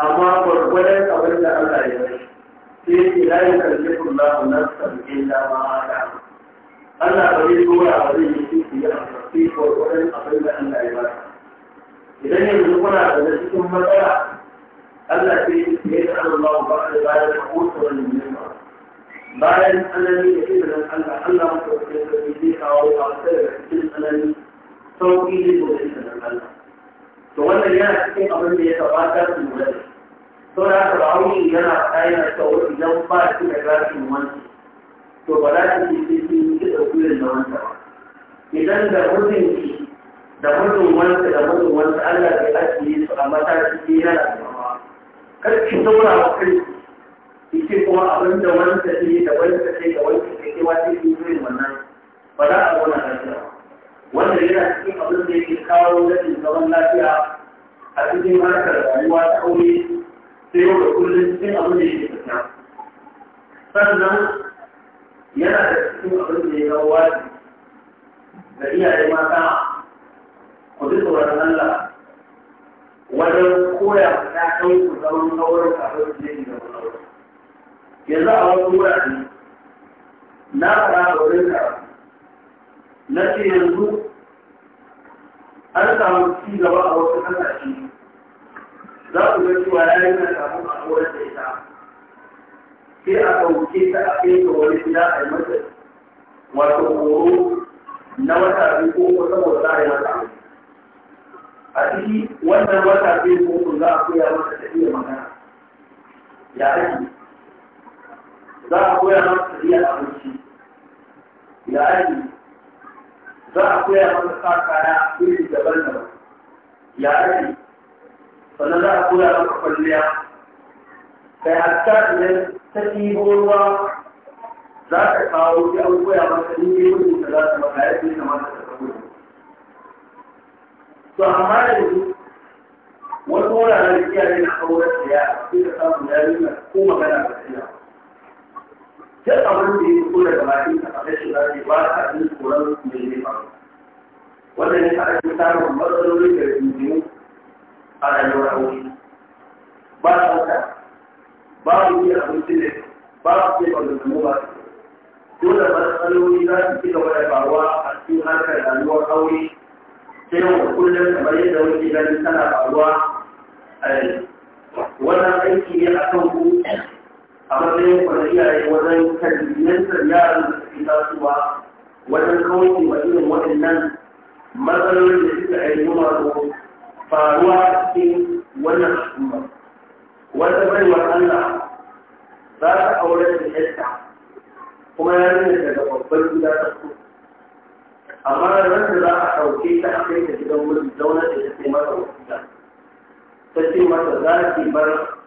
amma gwargwadon abin da Allah ya yi sai ke layi karfe kula a nan sabbi da ma'aza Allah ba zai tura a zai yi su yi amfani gwargwadon abin da Allah ya yi. idan yanzu kuna da cikin matsala Allah ke yi ya yi Allah ba da ya da kowace wani nema. bayan tsanani da nan Allah Allah mutum ya kawo a wasu da cikin tsanani sauƙi ne ko da sanar Allah to wannan yana cikin abin da ya kamata su lura da to da haka ba haushi yana kayan tsawon idan ba su da gashin wanki to ba za su yi sai sun yi da kuyin da wanta ba idan da mutunci da mutum wanta da mutum wanta Allah bai ajiye su a matakin da yana da mama kar ki saura wa kai ki kuma abin da wanta ke da wanta ne da wanta ne ke wata ke wannan ba za a zauna lafiya ba wanda yana cikin abin da yake kawo rashin zaman lafiya a cikin harkar rayuwa ta aure sai yau da kullum cikin abin da yake fita sannan yana da cikin abin da ya zama wajibi ga iyaye mata ku ji tsoron Allah wajen koya wa ƴaƴan ku zaman auren kafin su yake zaman auren yanzu a wasu wurare na fara wurin karatu na ce yanzu an samu ci gaba a wasu kasashe za ku ga cewa ya yi na samu a wurin da ita sai a ɗauke ta a kai ga wani gida a yi mata wato horo na wata biyu ko saboda za a yi mata a ciki wannan wata biyu ko za a koya mata ta iya magana ya ake za a koya mata ta iya abinci ya ake za a koya masa sa kaya iri daban-daban ya rage sannan za a koya masa kwalliya kai hatta idan ta ɗibo ruwa za ka kawo shi an koya masa in yi gudun da za ta maka ya fi kamata ta kawo to amma yanzu wani wuraren kiyaye na kawo da ya sai ka samu yarinya ko magana da siya duk abin da ya fito daga bakin ka kamar shi zai ba ta jin tsoron mai ne ba wanda ne a cikin tarin matsaloli da rigingimu a rayuwar aure ba ba babu yi abinci ne ba yi ɓangaren ba da dole matsaloli za su ci gaba da faruwa a cikin harkar rayuwar aure sai yau kullum kamar yadda wani ganin tana faruwa a yanzu wannan aiki ne a kan ku a matsayin kwanar iyaye wajen tarbiyyantar yaran da suke tasowa wajen kawai wa irin waɗannan matsalolin da suka aiki masu faruwa a cikin wannan al'umma wata baiwar Allah za ta aure da yadda kuma ya yarinya daga babban gida ta so amma ran da za a ɗauke ta a kai ta gidan wurin zauna da ta sai mata wasila ta ce mata za ki bar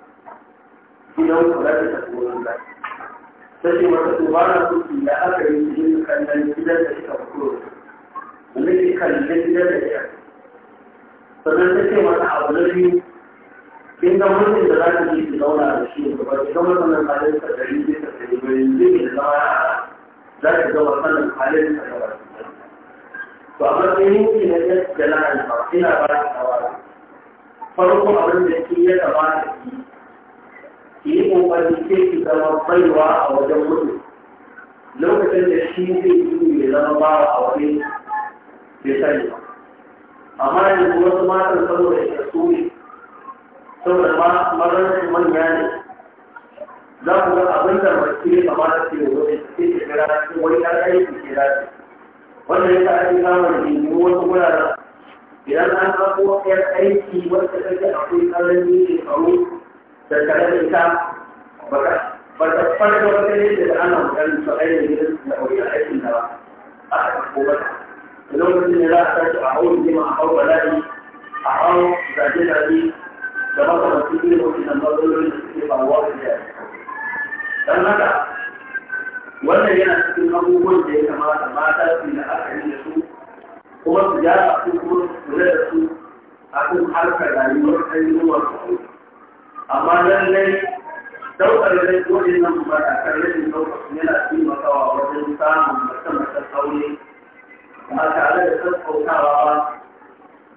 في يوم ثلاثة تكون لك تجي وتتبارك إلى أكل يجيبك أن الجدة تكون ومثلك الجدة تكون sannan ta ce mata abu na biyu kin ga mutum da za ta yi ki zauna da shi da ba ki gama sanin halin ka da rinje ka da rinje ne da zama za ki gama sanin halin ka da ba to a matsayin ki na yadda na alfa ina ba ki shawara farko abin da ki ya gaba da ki yi kokari sai su zama baiwa a wajen mutum lokacin da shi zai yi ya zama ba a wajen bai sani ba amma yanzu wasu matan saboda ya so ne saboda ma mazan su manya ne za ku ga abin da mace ya kamata ce wa wani ke kira cikin wani ɗan aiki ke dace wanda ya sa ake samun jinjin wasu wuraren idan an ɗauko 'yan aiki wacce take akwai ƙarami shekaru da tare da ita ta baka farko wata ne da ana mutane su ainihin gidan da koyi aikin da ba a ko ba lokacin da za a tashi a hawan jima a hawan bala'i a hawan zaje zaje da maka masu yi wasu nan ba zai da suke ba wa su da dan haka wannan yana cikin abubuwan da ya kamata mata su yi la'akari da su kuma su gyara su kuma su kula da su a kan harkar rayuwar ainihin wasu amma lallai daukar da dole nan ba a kan rashin daukar yana taimakawa wajen samun mace-macen ba tare da sassautawa ba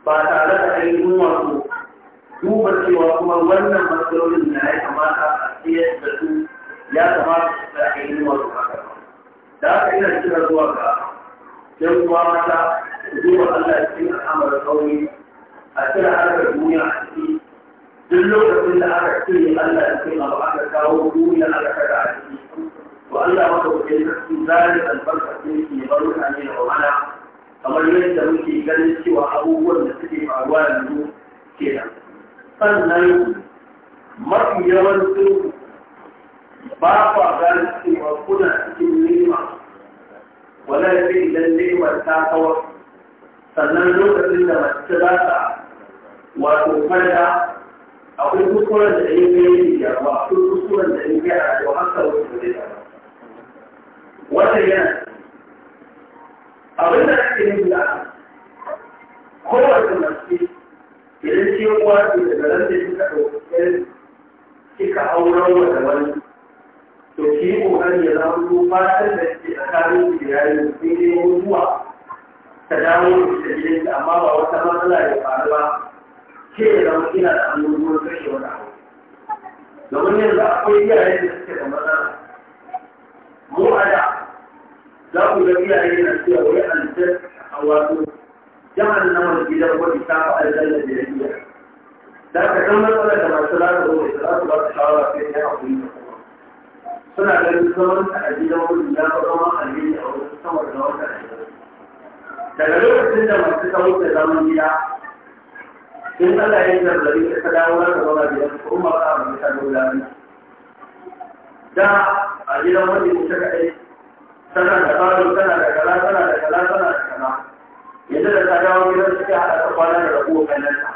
ba tare da ainihin wato duba cewa kuma wannan matsalolin na ya kamata a siya da su ya kamata su da ainihin wato haka da haka ina kira zuwa ga yan uwa mata zuwa Allah cikin al'amarin sauri a cire harkar duniya a ciki duk lokacin da aka ce Allah ya kai ma aka kawo duniya aka kada a ciki to Allah maka kuke sarki zalim albarka ce ke bar mutane da wahala kamar yadda muke ganin cewa abubuwan da suke faruwa yanzu kenan sannan mafi yawancin ba kwa gani cewa kuna cikin nema wala idan nemar ta kawar sannan lokacin da mace za ta wato kwanta akwai kuskuren da ya kai yi da ba akwai kuskuren da ya yi a rayuwa hankali wasu da zai ba wata yana abin da ake yin da kowace masu idan ce kuwa ke da nan da kika ɗauki kika auren wa da wani to ki yi ƙoƙari ya zama su fatan da ke tsakanin su da yayin sun yi mutuwa ta dawo da gidanki amma ba wata matsala ya faru ba ce da wani ina da abubuwan kashe wani abu domin yanzu akwai iyayen da suke da matsala mu a da za ku ga iyaye na cewa wai aljanna a wato jahannamar gidan wani ta fi aljanna da ya iya da ka san matsalar da masu lada ko mai za su ba su shawara sai ya haƙuri da kuma suna ganin zaman a gidan wani ya fi zama aljanna a wasu sama da wata daga lokacin da masu kawo da zaman gida in Allah ya yi zarrabi ka dawo za ka zauna gidan ko ma ka abu ta dole ne da a gidan wani mutum ka ai tana da faro tana da kala tana da kala tana da kala yanzu da ta dawo gidan suka haɗa ta kwana da ta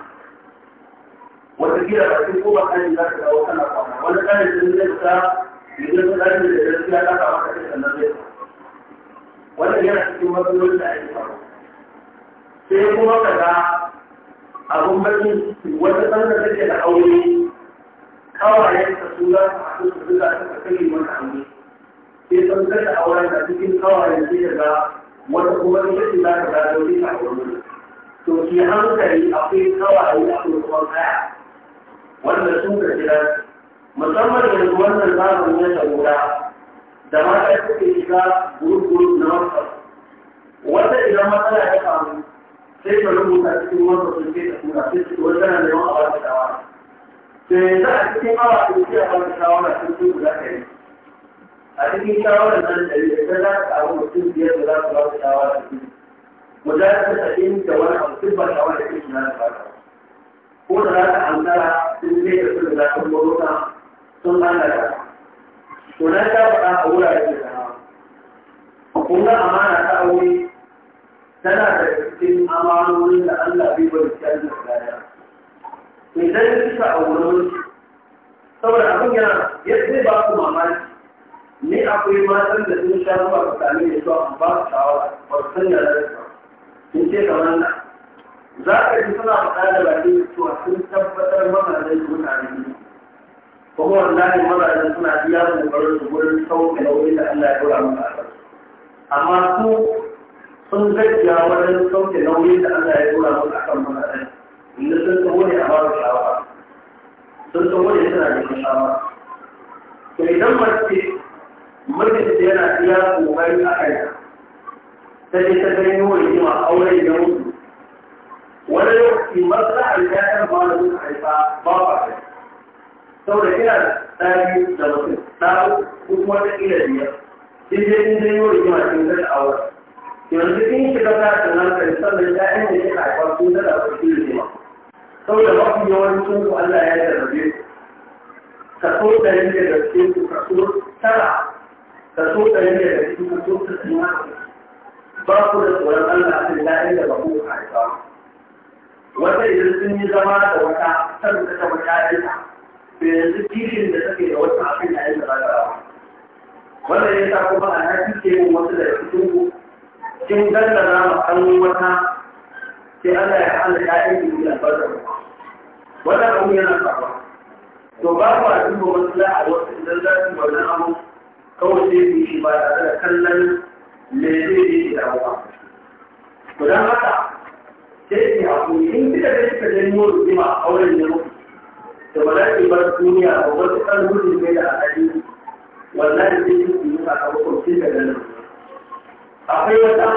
wata kira ba cikin kuma za ka dawo kana wani sun ta da zai cikin da faru sai kuma ka abun bakin wata sanda take da aure kawayen ka su za su haɗu su zuga ta ka kai maka aure sai san kada auren da cikin kawayen sai ka ga wata kuma ita ce za ka ga dole ka aure to ki hankali akwai kawaye a kuma kaya wanda sun ka jira musamman yanzu wannan zamanin ya shagura da mata suke shiga gurguru na wata idan matsala ya samu sai ka rubuta cikin wanda sun ke da kura sai cikin wanda na neman awa da shawara to yanzu a cikin awa da ke awa da shawara sun sun guda ɗari a cikin shawarar nan da da ta za ka samu mutum biyar da za su ba su shawara su mu za su tafi da wani abu duk ba shawara da ke suna da ba. ko da za ka amsara, sun zai da su da za su gwamnata sun hana to na ta faɗa a wurare da dama kun ga amana ta aure tana da cikin amanonin da Allah bai bari kyan da gaya idan kika aure saboda abin yana yadda ba ku mamaki ni akwai matan da sun sha zuwa ku sami da su a ba su shawara ba su san yara ba sun ce kamar na za ka ji suna faɗa da baki da cewa sun tabbatar mazajen mutane ne kuma wallahi mazajen suna biya da su wurin sauƙi da wuri da Allah ya dora musu amma su sun gajiya wajen sauke nauyin da Allah ya tura su akan ɗaya, inda sun san ne a babu shawara sun san ne suna da shawara to idan mace mijinta yana iya kokari a kai ta je ta gani wani jima aure ya mutu wani lokaci masu alƙayar ba da suka haifa ba ba kai saboda kina da ɗari da mutum ɗari ko kuma ta ƙila biyar in dai in dai yau rigima cikin kashe aure yanzu in shiga tashin hankali sannan ya'yan da ya haifa sun dala ba shi ne ma saboda mafi yawancin ku Allah ya jarrabe ku kaso ɗari da gaske ku kaso tara kaso ɗari da gaske kaso tasirin ba ku da tsoron Allah kan ya'yan da ba ku haifa wata idan sun yi zama da wata sannan ka taɓa ƴaƴanta to yanzu kishin da take da wata akan ya'yan da ba ta rawa wannan ya sa kuma a na kike yin wasu daga cikin ku in dandana ma an wata sai ana ya hana ƴaƴan da ke albarkar wannan abu yana faruwa to ba a duba matsala a wasu idan za su wannan abu kawai sai su shi ba tare da kallon me zai yi da damuwa to dan haka sai ki hakuri in kika da kika janyo rigima a auren ne muku da ba za ki bar duniya ba wasu ɗan gudun ne da alhali wannan da zai yi su yi sakamakon kika da nan akwai wata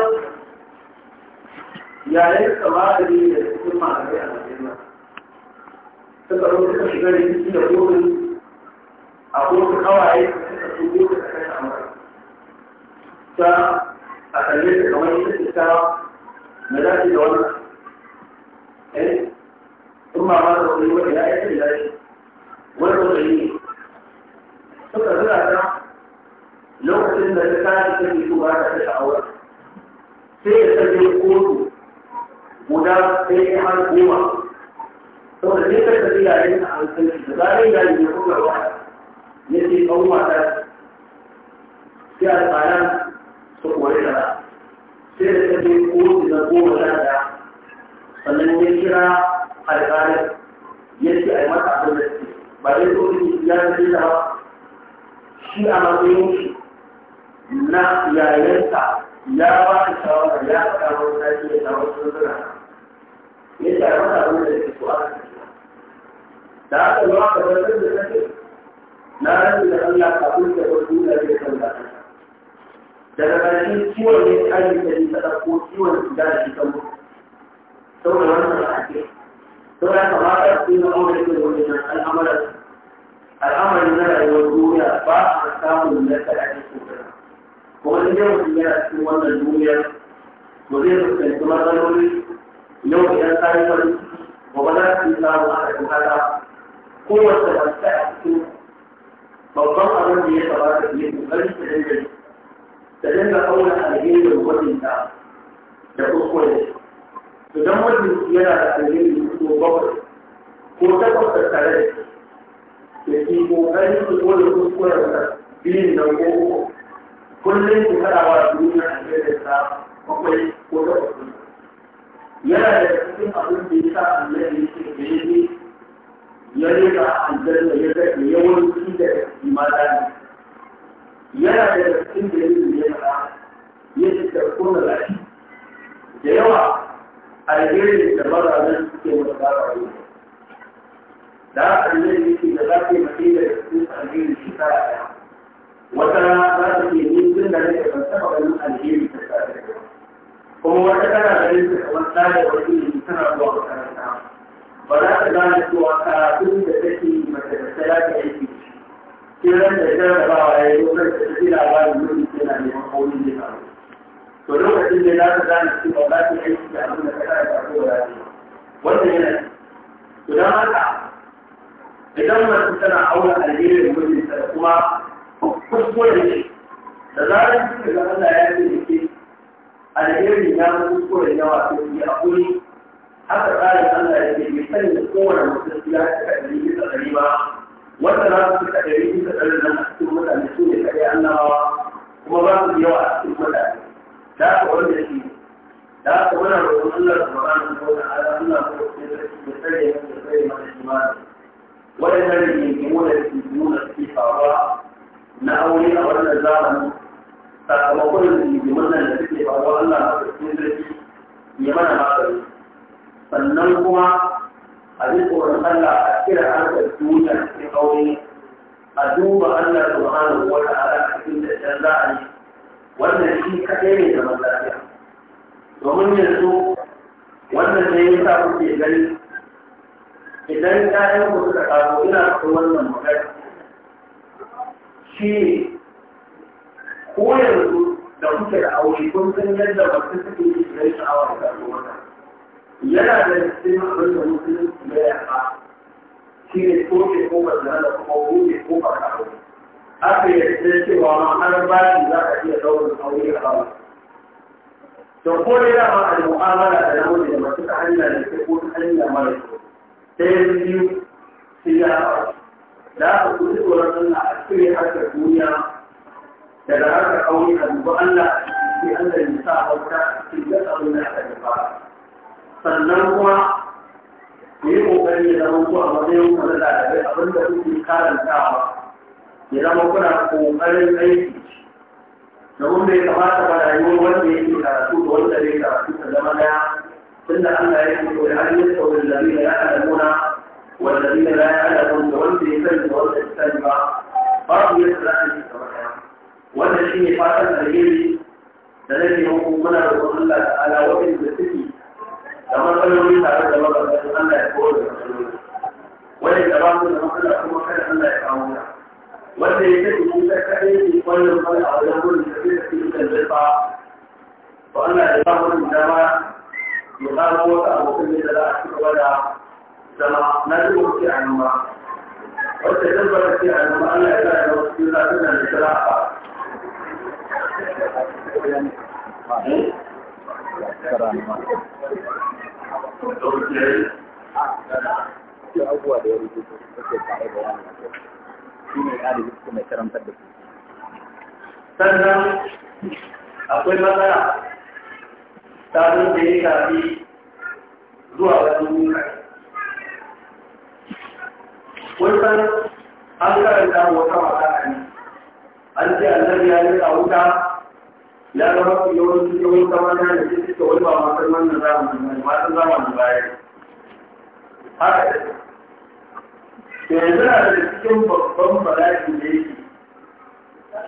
yayin kama da ne da cikin malamai a Najeriya suka zo suka shiga da ciki da gorin a gorin kawaye suka so da kashe amurka ta a kalle da kamar ita ce ta na dace da wannan eh in ma da wani wani ya yi ta yi wani wani ne suka zira ta lokacin da ta tashi ta fito ba ta kashe auren sai ya sanya kotu guda ɗaya har goma saboda ne ka tafi yayin a hankali da zarar yayin ya kuma ba ya ce ɗan wata sai a tsara su kore da sai da ta je kotu na goma sha ɗaya sannan ya kira alƙalin ya ce a yi mata abin da ke ba ya zo da ya ce da shi a matsayin shi na iyayensa ya ba da shawara ya faɗa wani tashi ya shawo suna ya shawo da abin da ke kuwa da aka yi maka da zai da kake na rasu da Allah kafin da wasu da ke kan da daga ƙarshen ciwon ne kaji da ni ta ɗauko ciwon da da shi kan mutu saboda wannan ake saboda kamata su yi na aure da wani al'amarin al'amarin na rayuwar duniya ba a samun nasara a cikin kuma in yau mutum yana cikin wannan duniyar to zai fuskanci matsaloli yau idan ka yi wani ba ba za su yi samu a cikin hada kowace mace a cikin babban abin da ya kamata da ya kokari ta dinga ta dinga kauna alherin wajenta da kuskure to dan wajen yana da alheri ko bakwai ko takwas da tare da shi da ke kokari su dole kuskuren biyu na ko uku kullum ku kada wa duniya a gare ta bakwai ko da bakwai yana da cikin abin da yasa Allah ya ke da yake ya rika aljanna ya ga yawanci da ne. yana da cikin da yake ya fara ya ce da kuma lafi da yawa a gare da barazan suke wata barazan da Allah ya ce da za ka yi mace da cikin aljanna shi ta yaya. wata rana za ta ke ni tun da nake ban taɓa ganin alheri ta tare kuma wata tana ganin ta kamar tsare wa ilimi tana zuwa makaranta ba za ta gane cewa karatun da take mace da ta yaki aiki kiran da jarrabawa ya yi wani da ta ji labarin mutum yana neman kaunin da faru to lokacin da za ta gane cewa za ta aiki da abin da ta kare ta kowa lafiya wannan yana to don haka idan mace tana aure alherin mijinta da kuma da ne da zarar cikin da Allah ya yi ke alheri ya kuskure na wato yi a kuri haka tsarin Allah ya ke mai sani da kowane mutum ya cika ɗari bisa ɗari ba wanda za su cika ɗari bisa ɗari nan a cikin mutane su ne kaɗai annabawa kuma ba su yawa a cikin mutane da aka wanda shi da aka wani roƙon Allah subhanahu wa ta'ala Allah ko ya tsare ya tsare mana imani wadannan ne ke mu da aure a wannan zamani sakamakon rigimin nan da suke faruwa Allah na cikin sarki ya mana magani sannan kuma a ji tsoron Allah a kira harkar duniya cikin ƙauye a duba Allah subhanahu wa ta'ala a cikin da za a yi wannan shi kaɗai ne da lafiya domin yanzu wannan ne ya sa kuke gani idan yi musu suka kawo ina kuma wannan magana shi ne ko yanzu da kuke da aure kun san yadda masu suke yi da sha'awa da mata yana da cikin abin da musulunci ya yaka shi ne toshe ko bazara da kuma buɗe ko baka aure aka yarda cewa ma har shi za ka iya daurin aure a aure to ko ne da ma al-mu'amala da namiji da masu ta hanya ne ko ta hanya mara kyau sai biyu sai ya aure za a kuɗi tsoron Allah a cire harkar duniya daga harkar aure a dubu Allah sai Allah ya sa hauta a cikin duk abin da aka nufa sannan kuma ku yi ƙoƙari ya zama ku a matsayin ku na ɗalibai abin da kuke karantawa ya zama kuna ƙoƙarin aiki domin bai kamata ba rayuwar wanda yake karatu da wanda bai karatu ta zama ɗaya tunda Allah ya yi ƙoƙari har yi saurin da ya ɗaga nuna والذين لا يعلمون تولي فلم وتستجمع بعض يسرعون في السماء والذين فاتت الجيل الذي هم من الله على وجه السكي كما قالوا لي تعالى الله أن لا يقول ولتبعض المحلة كما كان أن لا يقعون والذي يتبعون تكتبين في كل المحلة على يقول السبيل في تلك البقعة وأن الإمام الجامع يقال هو أبو كل لا أحسن ولا zama na zuwa ke a noma wacce zan bar ke a noma ana yi zai zama su na suna da sara a Ke abubuwa da ya rubuta suke tare da yana shi ne ya rubuta mai karantar da su. Sannan akwai matsala ta zo da ya shafi zuwa wani wannan an karanta wata a ne an ce annabi ya yi wuta ya zama su yawan su yawan kamar da su suka wani ba masu wannan zamani masu zamani baya haka da yanzu na da cikin babban bala'i da yake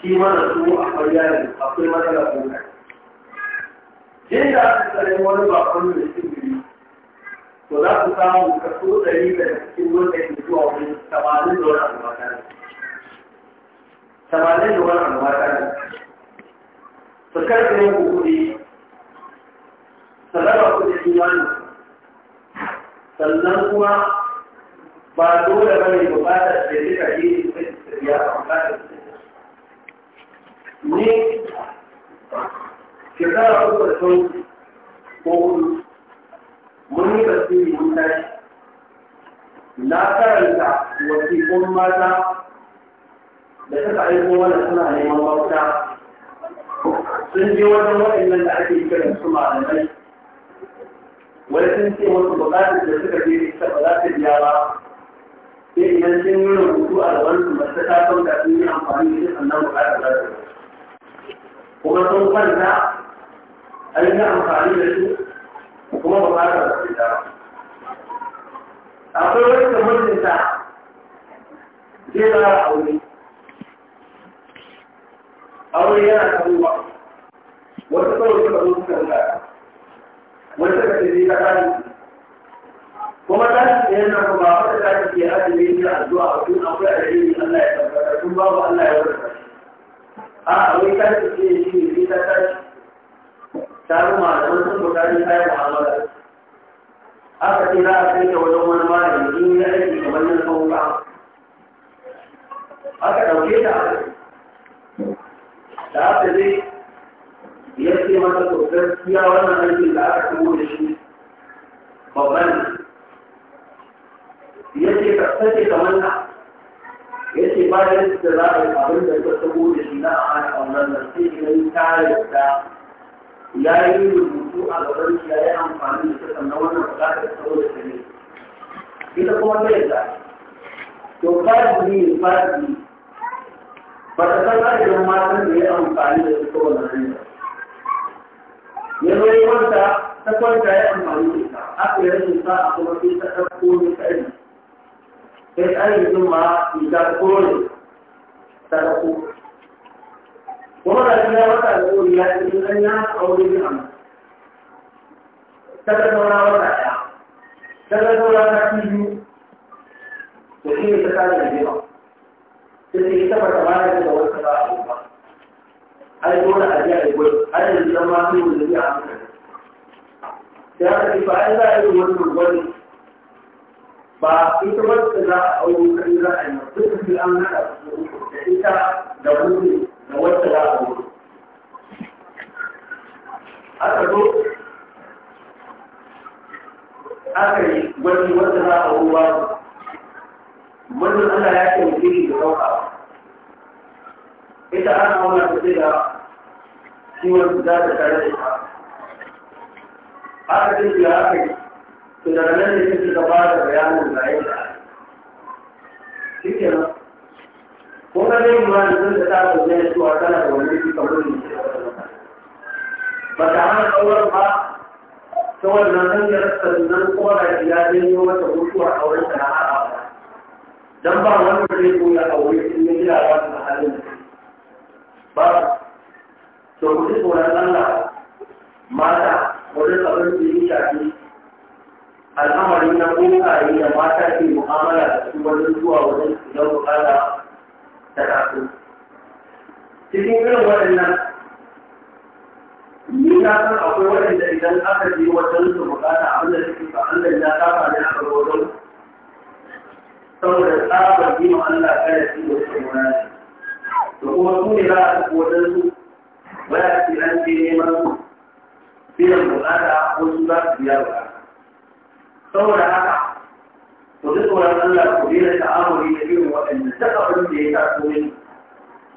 shi mana su a bayyana akwai matsala ko kai. Jin da aka tsare wani bakon da cikin to za ku samu kaso ɗari da cikin wanda ke zuwa wani tamanin da wani almata ne tamanin da wani almata ne su ne ku kuɗi sadaka kuɗin imani sannan kuma ba dole ba ne bukatar da ya duka yi da ya bukatar ni shekara uku da sau ko kuɗi. mun yi tasiri mun tashi na karanta wasiƙun mata da suka aiko mana suna neman mafita sun je wajen waɗannan da ake kiran su malamai Wai sun ce wasu buƙatar da suka je ta ba za ta biya ba sai idan sun yi rubutu a gaban su masu ta kauta sun yi amfani da sannan buƙatar za ta kuma sun kwanta an yi amfani da su kuma ba ma da wasu da akwai wani da mutunta zai ba aure aure yana karuwa wata kawai suka zo suka rika wata ka tafi ka kare kuma ta ce ta yana kuma ba wata ta ce ta ke azumi da addu'a a tun akwai alheri Allah ya tabbata tun babu Allah ya wata warkar a aure ta ce ta shi ne ta tashi taru malaman sun bukari kayan mu'amala aka ce za a kai ta wajen wani malami in ya aiki kamar na sauka aka ɗauke ta da aka zai ya ce mata to gaskiya wannan aikin da aka shigo da shi babban ya ce ka sace kamar na ya ce bayan da za a yi abin da ka shigo da shi na a hana wannan nan sai ka yi ta yarda ya yi rubutu a gaban shi ya yi amfani da ta na wannan bukatar saboda ta ne ita kuma ta yadda to fadi ne fadi ba ta san adadin matan da ya amfani da su ta wannan hanya ya zo wanta ta kwanta ya amfani da ita aka yi rashin a kuma sai ta ɗauko ne kai sai tsarin juma ya kore ta ɗauko ومرة لا وقع الأول لا يعني من الناس أو من الأمر ثبت ولا وقع ثبت ولا تكيه وحين تكاد الجرى الذي ثبت ما يجب وكلا الله هل يقول أجاء الوجه هل الجماعة هو الذي عمله يعني فإذا الوجه الوجه فإذا وجه لا أو كلا أن يصدق في الأمر أو ita da wuri da wacce za a zo aka zo aka yi wani wacce za a ruwa wannan Allah ya ce mutum da ɗauka ita ana wannan ta ce da ciwon za ta tare da ita aka ce da aka yi to daga nan ne suke gaba da bayanin da ya yi da ake. ko ka zai ma da sun da ta su zai su a tana da wani shi kamar ne ba ta hana sauran ba ta wannan hanyar sannan ko da ya zai yi mata mutuwa a wurin da ha'a ba dan ba wani da zai koya a wurin sun yi gida ba su halin ba to ku ji tsoron Allah mata wajen abin da ya shafi al'amari na kokaye da mata ke mu'amala da su wajen zuwa wajen idan bukata da ƙasu cikin irin waɗannan ni na san akwai waɗanda idan aka je wajen su bukata abin da suke ba Allah ya saba ne a gaba saboda tsabar yi ma Allah kada su da su mura ne da kuma su ne za a tafi wajen su waya ce an je neman su biyan bukata ko su za su biya bukata saboda haka ku ji tsoron Allah ku daina ta'amuli da irin waɗanda duk abin da ya taso ne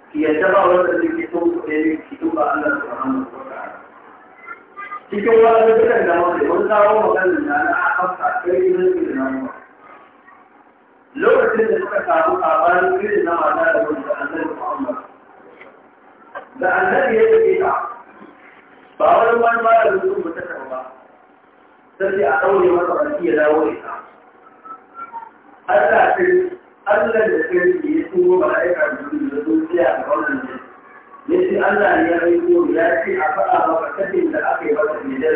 ki yadda ba wanda zai ke so ku daina ki duba Allah subhanahu wa ta'ala cikin wani dukkan da mafi wani kawo maganar da na afafta kai irin irin na mu lokacin da suka samu labarin irin na mata da wani da annabi Muhammad da annabi ya tafi ta ba wani wani ba da mutum mutum ba sai a ɗaure masa baki ya dawo ita Allah sai Allah da kai ya tuwo mala'ika da da zuciya da wannan ne ya ce Allah ne ya aiko ya ce a faɗa maka kafin da aka yi wata ne da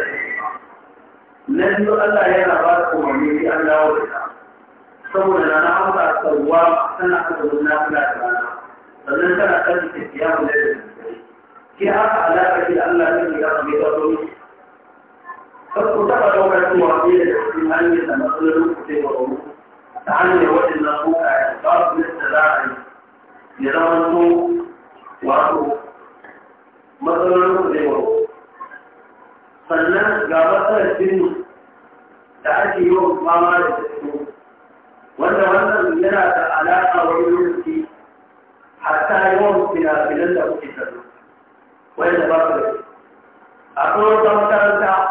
na biyu Allah yana ba da umarni sai an dawo da ta saboda na na amsa sauwa tana azumin na kula da rana sannan tana kan tafiya mu da ke haka alaƙa da Allah ne ya mai tsaro Kar ku taɓa ɗaukar cewa ne da cikin hanyar da matsalolin ku sai wa ta hanyar waɗannan sukayen ba su yadda za a yi wato sannan ga matsalar jini da ake yi wa fama da tattu wanda wannan yana da alaƙa wani lokaci hatta yawan fina-finan da kuke tattu wanda ba su da akwai wata makaranta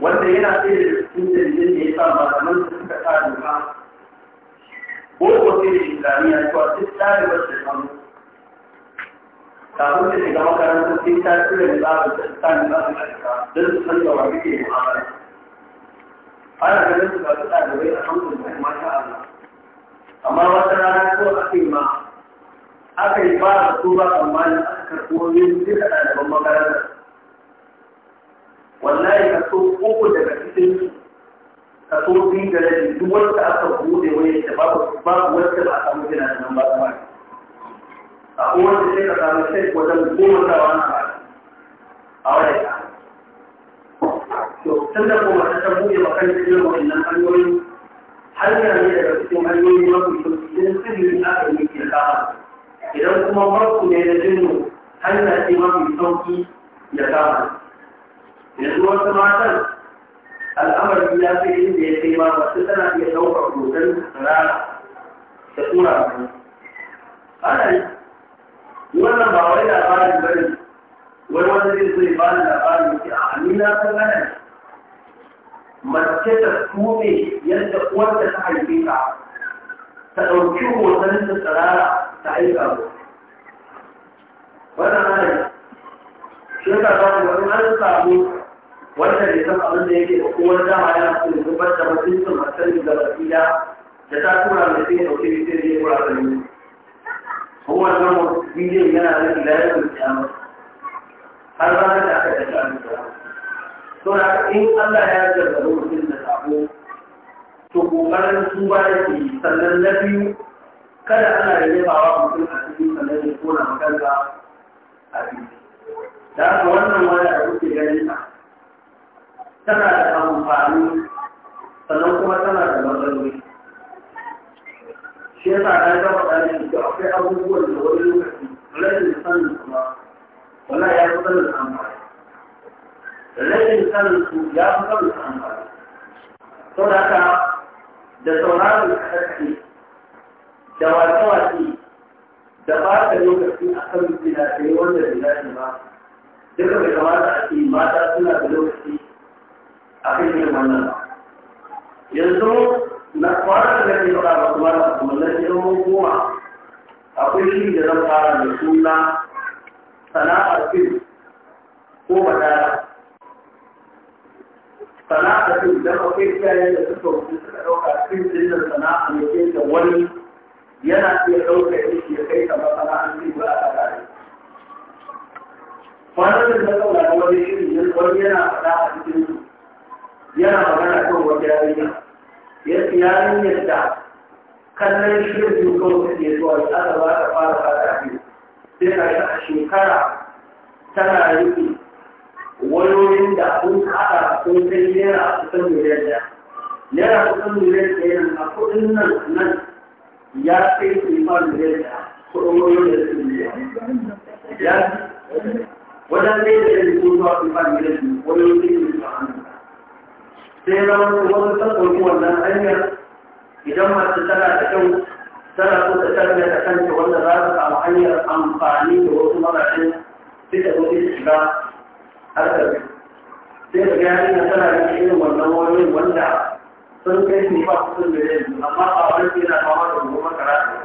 wanda yana ɗaya da cikin dalilin da ya sa malaman da suka sa doka boko sai da islamiyya cewa duk ɗalibar da samu kafin ta shiga makarantar sai ta tura da za tsarin da tsarin da su shiga don su san da wani ke mu'amala ana ganin su ba su ɗalibai a hankali da mata Allah amma wata rana ko a kai ma aka yi ba da su ba tsammanin aka karɓo yin duka ɗaliban makarantar wallahi ka so uku daga cikin ka so biyu da rabi duk wanda aka bude wani da babu babu wanda ba a samu gina da nan ba kuma a kowace sai ka samu sai wajen goma da wani a wani ka to tun da kuma ta ta bude makan cikin wannan hanyoyi hanya ne daga cikin hanyoyi mafi sauƙi sirri aka yi ke kama idan kuma farko ne na jinnu hanya ce mafi sauƙi ya kama yanzu wasu matan al'amari ya fi inda ya kai ma masu tana iya ɗaukar hoton rana da tura mai ana yi wannan ba wai labarin ba ne wani wanda zai zai ba da labarin ke a amina kan ana mace ta tume yadda uwarta ta haife ta ta ɗauki hoton ta tsirara ta aika ba wannan ana yi shi ka ba da wani an samu wanda bai san abin da yake da kowar dama yana so ya zubar da mutuncin masani da basira da ta tura mai sai ɗauke mai sai zai kura sani kowane nan bidiyon yana da ilayen zuciya har ba da aka tafi a zuciya to da in Allah ya jarraba mutum da sabo to kokarin su ba da ke sannan na biyu kada ana da yabawa mutum a cikin sannan ya kona makanka a biyu da haka wannan wani a kuke ganin sa tana da amfani sannan kuma tana da matsaloli shi yasa na ga waɗanda da akwai abubuwan da wani lokaci rashin sanin kuma wala ya fi sanin amfani rashin sanin su ya fi sanin amfani sau da haka da sauraron kaɗaɗe da wace-wace da ba ta lokaci a kan fina yi wanda da ya ba duka bai kamata a ce mata suna da lokaci a kan wannan yanzu na kwanar da ke fara da kuma da kuma na yawon goma akwai shi da zan fara da suna sana'ar fil ko madara sana'ar fil don akwai iyayen da suka wuce suka ɗauka fil din da sana'a ne ke da wani yana iya ɗauka ya ya kai kamar sana'ar fil ba a tsakani kwanar da zan ɗauka wani shi ne wani yana faɗa a cikin yana magana kan wata yarinya ya ce yarinyar da kallon shirin kawai take zuwa ya aka ba ta fara fara biyu sai ka a shekara tana yi wayoyin da sun haɗa sun kai naira kusan miliyan daya naira kusan miliyan daya nan a kudin nan nan ya kai kimanin miliyan ɗaya kudin wayoyin da suke miliyan ya wajen da ɗaya kuma zuwa miliyan wayoyin da suke miliyan sai zama wani ta ɗauki wannan hanyar idan mace tana da kyau tana so ta tarbiya da kanta wanda za ta samu hanyar amfani da wasu marashin sai ta zo ta shiga harkar sai da gani na tana da irin wannan wani wanda sun kai su ba su sun da yanzu amma ba wani ke na fama da goma karatu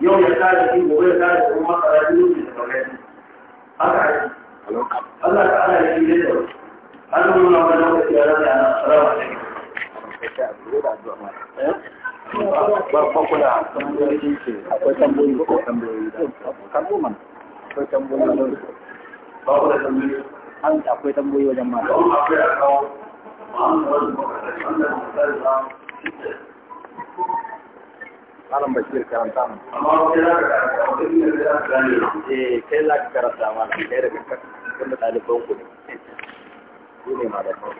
yau ya kare shi gobe ya kare goma karatu ne da kawai haka Allah ta'ala ya yi da a rana akwai tambayoyi akwai ba akwai wajen mata wani malam bashir karanta mu amma kai za karanta wani ne da eh kai za karanta malam kai da kanka wanda ɗaliban ne مسؤول على الموت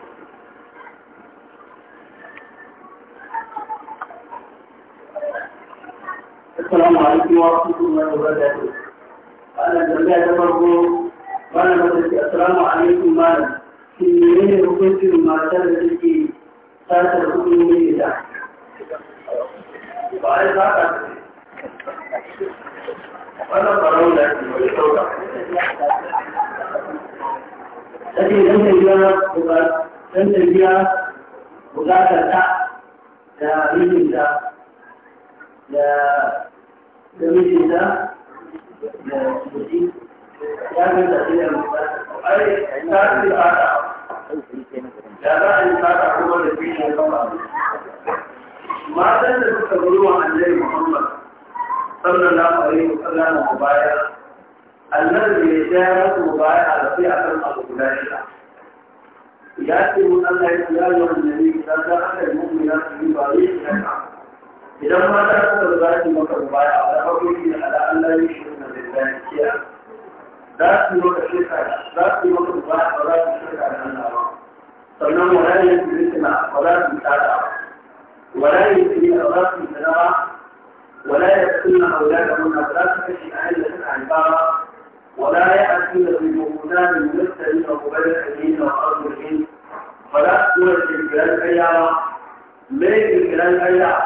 السلام عليكم ورحمة الله وبركاته أنا جميع تفرقوا وأنا بدأت السلام عليكم مال في مين ركنت ما تلك في ساتة ركن من إذا وعلى ذاك وأنا قرأوا لك take dan tafiya dan tafiya bukatar ta da mijinta da da mijinta da mutum ya ga da da mutum ai ta ci fata da ta a yi kuma da shi ne matan da suka gudu wa annabi muhammad sallallahu alaihi wasallam baya الذي جاءت مبايعة في أثر الأولئك يأتي من الله يا أيها النبي إذا دخل المؤمنات في طريقك إذا ما تأثر ذلك مكة مبايعة فحكمه على أن لا يشركن بالله شيئا ذات مكة شركة ذات مكة مبايعة ولا تشرك على أن الله فإنه لا يمكننا ولا تتابع ولا يمكن أولاك من ولا يكون أولادهن ولا تكشف عن العبارة ولا يأتون ببهتان يفترين قبل حين وأرض الحين فلا تقول الكلام أيا ليس الكلام أيا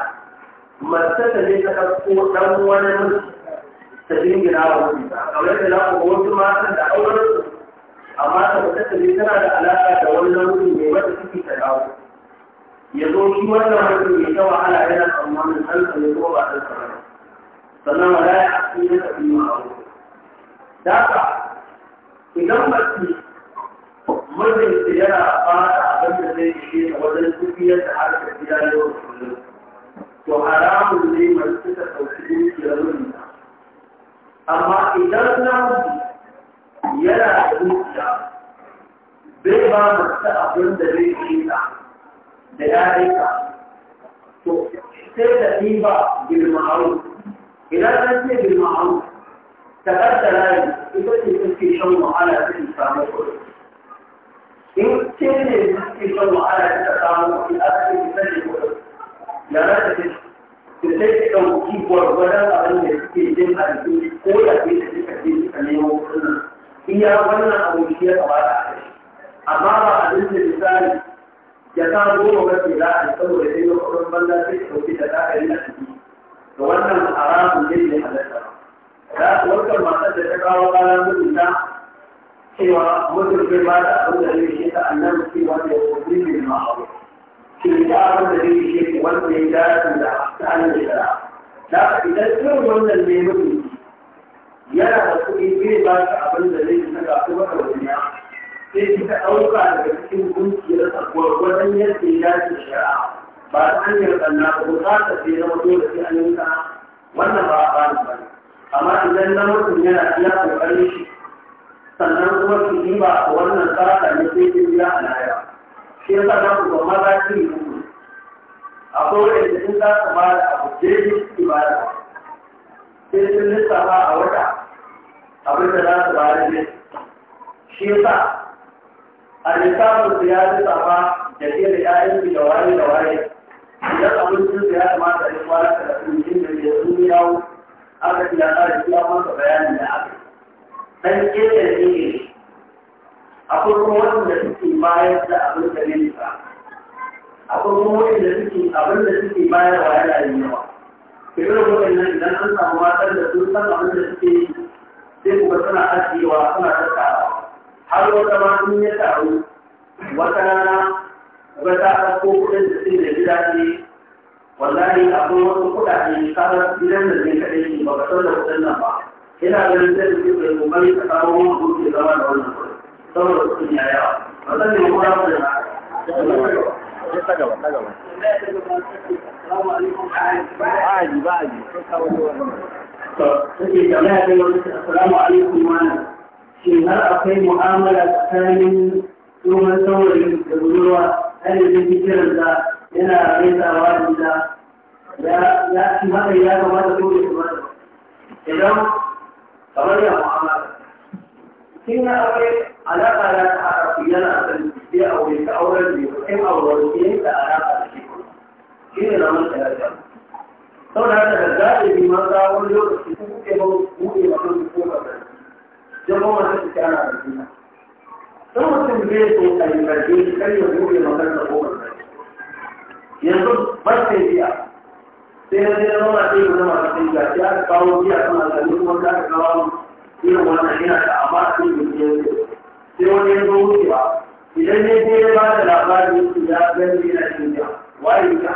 ما تتجي تكتو دم ونمس تجين جناه وبيتا قبل جناه وقلت ما تدع أول أما تتجي تنا لألاقة دولنا من ميمة تكي تدعو يقول شو أنا من يتوى على عينك أمان الخلق يقول بعد الخلق فنما لا يحسينك في معروف Daka, idan mace mijinta yana fara abin da zai ishe wajen tafiyar da harkar gida yau da kullum, to haramun ne mace ta ɗauki dukiyar mijinta. Amma idan namiji yana da dukiya, bai ba mace abin da zai ishe ta da ‘ya'yanka, to sai da ɗiba bilma'aru. Idan an ce bilma'aru, تبدل يمكن تشمل على التسامح يمكن تشمل على التسامح في أكثر من ذلك لا تتجد توجيه ولا أن يتجد أن يكون في تكذيب اليوم هي ولا أو هي طبعا أمام أن الإنسان يتعلم وقت لا يستوى لديه وقت بلا تشعر في تداخل الأسجين وأنه حرام لله حدثه da warkar matar da ta kawo ƙara mutunta cewa mutum zai ba da abin da zai shi ta annan cewa da ya kuma ne ma abu shi da abin da zai shi wanda ya dace da ta hanyar shara da idan irin wannan ne mutum yana da kuɗi zai ba shi abin da zai saka kuma da wani sai kika ɗauka daga cikin kungiyar gwargwadon yadda ya dace shara ba ta hanyar ɗanna ba buƙatar sai zama dole sai an yi wannan ba a ba ni ba ne amma idan na mutum yana iya kokarin shi sannan kuma su yi ba a wannan tsara ne sai ke biya a naira shi yasa za ku zama maza ki yi a akwai da in za su ba da abu daidai su ba da sai sun lissafa a wata abin da za su ba da ne shi yasa a lissafin su ya lissafa da ke da 'ya'yan su da an ƙetare ne akwai kuma waɗanda suke bayar da abin da ne ba akwai kuma waɗanda suke abin da suke bayar wa yana yin yawa kiran waɗannan idan an samu matar da sun san abin da suke yi sai kuma suna ajiyewa suna tattara har wata ma sun ya taru wata rana wata ɗauko kuɗin da suke da gida ne wallahi akwai wasu kuɗaɗe kasar gidan da ne kaɗai ne ba ka san da kuɗin nan ba ina ganin sai da suke kokari ta kawo wani kuke zama da wannan saboda su ne yawa ba zan yi kuma da na ta gaba ta gaba ba'aji ba'aji sun kawo take jama'a da yau assalamu alaikum mana shin har akwai mu'amala tsakanin tsohon saurayi da budurwa ɗalibin fikiran da yana raisawa da ya ci haka ya kamata ko ya kamata idan kamar yana mu'amala kin na aure alaƙa na ta arafu yana san sai aure ta auren ne kai aure ne ta alaƙa da shi shi na mun tsaya da saboda haka da galibi maza wani lokaci sun kuke ba buɗe ma ko ba da kuma ta fita da juna don mutum zai so a yi karfe kar ya buɗe ma kan ko ba da yanzu ba sai sai na jira zama sai ku zama da sai ya kawo biya sama da ni kuma za ka kawo irin wannan yana da amma a cikin biyan sai wani ya zo wucewa idan ne sai ya ba da labarin su ya gani yana cikin biya waye ka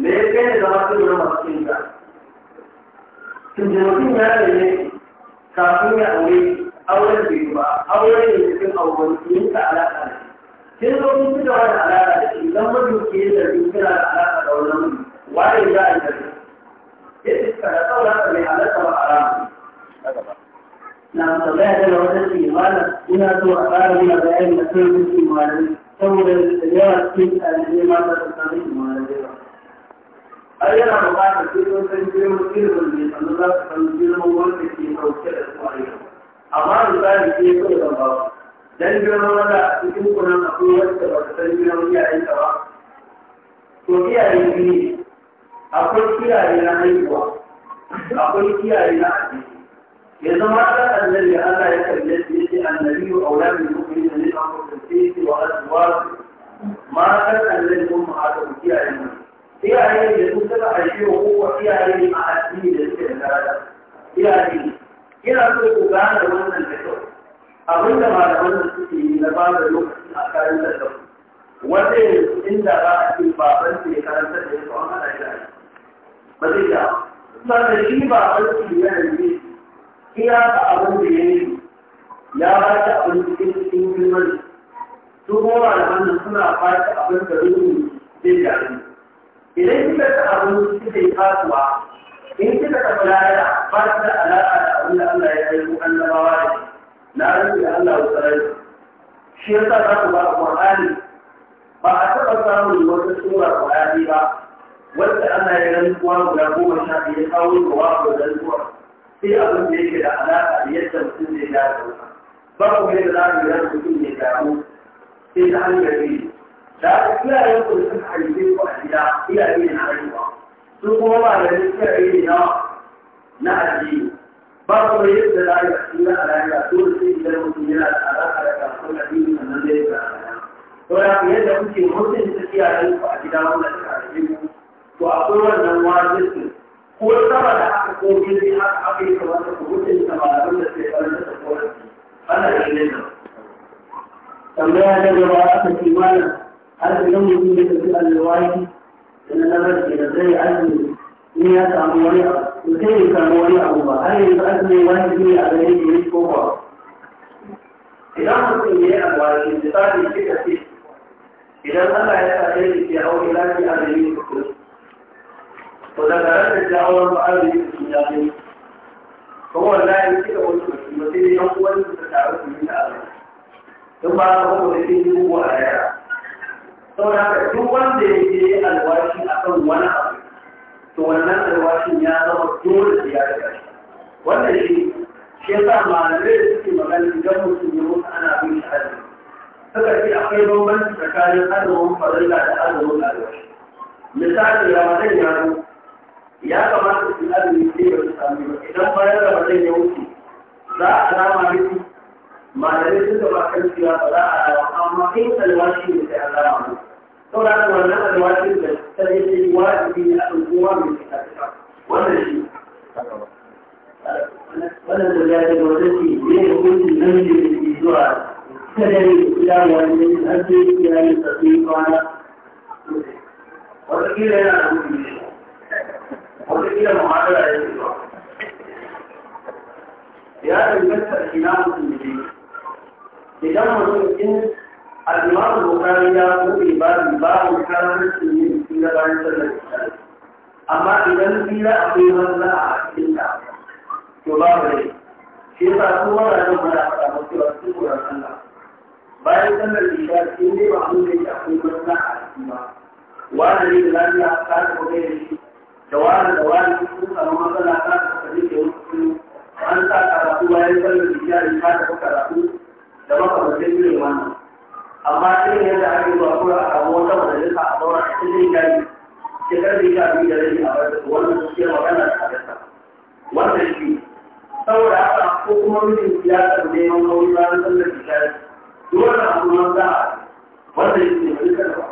me ya kai ne zama sai ku zama cikin biya tun da mutum ya ne kafin ya aure auren yi ba auren ne cikin abubuwan yin ta alaƙa ne sai da alaƙa da shi mutum ke da alaƙa wani وعليه بقى الفجر فنقول هذا بحالته وحرامه نعم طبيعة الوزن إيمانا هنا تؤثار من بيان مسؤول في مالك سود الاستجابة في الإيمان تستطيع مالك أيضا مقاطع في وزن مسؤول من الله تنزيل مول في توكل إسرائيل أما مثال في كل ذنب dan girma wanda cikin kuna akwai wacce ba ta san girma iyayen ta ba to iyayen biyu akwai kiyaye na haihuwa akwai kiyaye na addini ya zama ta annabi Allah ya kalle shi yace annabi wa auladul mu'minin ne an kusanci wa azwaj ma ta annabi mun ma ta kiyaye mu kiyaye da su suka aishe ko kuma kiyaye ne a addini da suke da daraja kiyaye ina so ku gane wannan da kyau abinda malaman da suke yi na ba da lokaci a kayan da wanda inda za a ce baban ya karanta da ya an haɗa hada ba zai da sannan shi ba aiki ya yanzu iya ka abin da ya yi ya ba ta abin cikin cikin girman su kuma da wannan suna ba ta abin da yi zai da idan kika ta abin kika yi kasuwa in kika tafi lahira ba ta da alaƙa da abin da Allah ya kai mu annabawa ne, na rubu da Allah ya tsare shi yasa za ku ba Qur'ani ba a taɓa samun wata sura Qur'ani ba wanda ana yi rantsuwa guda goma sha biyar kawo da wawa da rantsuwa sai abin da yake da alaƙa da yadda mutum zai da wuta. ba ku mai da za a yi rantsuwa mutum ya dawo sai ta hanyar yi da aka iyayen ku da suka haife ku a gida iyaye na haihuwa su kuma ba da suka yi na na addini ba ku mai yadda za a yi a cikin alaƙa dole sai idan mutum yana da alaƙa da kasuwar addini sannan zai ga alaƙa. Saboda yadda kuke mutunta iyayen ku a gida wanda suka haife ku to akwai wannan wajibin ko sama da haka ko gini haka aka yi kamata ku wuce da malamin da ke karanta da korafi ana yi ne nan tambaya da gaba aka ce mana, har da yan mutum da tafi alwaji da na nazar ke da zai azumi ni ya samu wani abu sai ya samu wani abu ba har yanzu azumi wajibi ne a gare shi ko ba idan mutum ya yi alwaji misali kika ce idan Allah ya sa ya ke hau ila ki azumi ku to da tare da ya gani kuma yan ta yi ba yi a yara saboda haka wanda ya alwashi akan wani abu to wannan alwashin ya zama shi malamai da suke magana idan mutum ya ana bin shi azumi akwai bambanci tsakanin azumin farilla da azumin alwashi misali ramadan ya ya kamata su azumi sai ba su sami ba idan bayan ramadan ya wuce za a rama miki malamai sun gaba kan cewa ba za a rama amma kai alwashi ne sai an rama miki saboda haka wannan alwashi da ta je ta yi wajibi ne a ɗauko wa mai fita fita wannan shi wannan da ya ce wata ce ne ya hukunci nan da ke zuwa ta da ne guda wani ne an ce ya yi tsatsi kwana wata kila yana da hukunci wataƙila mu ma da rayu ba ya danganta ina mutum ne idan mutum in al'imamu bukari ya buɗe babu yin amma idan tsira akwai wanda a cikin ta to babu rai shi ba su wanda ne mana faɗa musu ba su kura sallah bayan sallar isha'i in dai ba mun ta kuma wanda a cikin ba wanda ne da lafiya ka ta kuma yin shi da wani da wani sun samu matsala ta ta kaje ke mutu an sa karatu bayan sallar isha'i ta ta karatu da makamantan irin wannan amma irin yadda ake zuwa kuma a samu wata majalisa a zauna a cikin gari shekar da ya bi da rai a barka wannan gaskiya magana ta gaskiya wannan shi saboda haka ko kuma mijin siyasar neman kawai bayan sallar isha'i dole a kuma za a wannan shi ne wani kada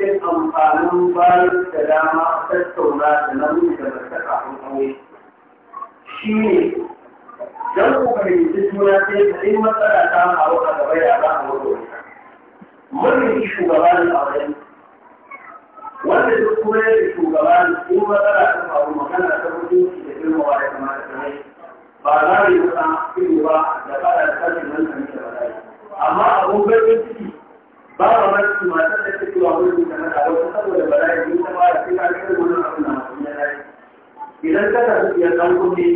cikin amfanin bayan da dama tattauna da nan da ba ta kafin aure shi ne don ku fahimci juna sai da in matsala ta hau a gaba ya za a wato mulki shugaba ne a wajen wanda duk kuma yake shugaba ne in matsala ta faru magana ta mutunci da girmawa ya kamata ta mai ba za mu yi wata ba da fara da kashin nan da ba yi. amma abun bayan ciki ba wa masu matar da take wa wurin da na wasu saboda ba bala'i ne ta ba sai ka kai wannan abin da mutum ya rai idan ka tafi tafiya dan kuɗi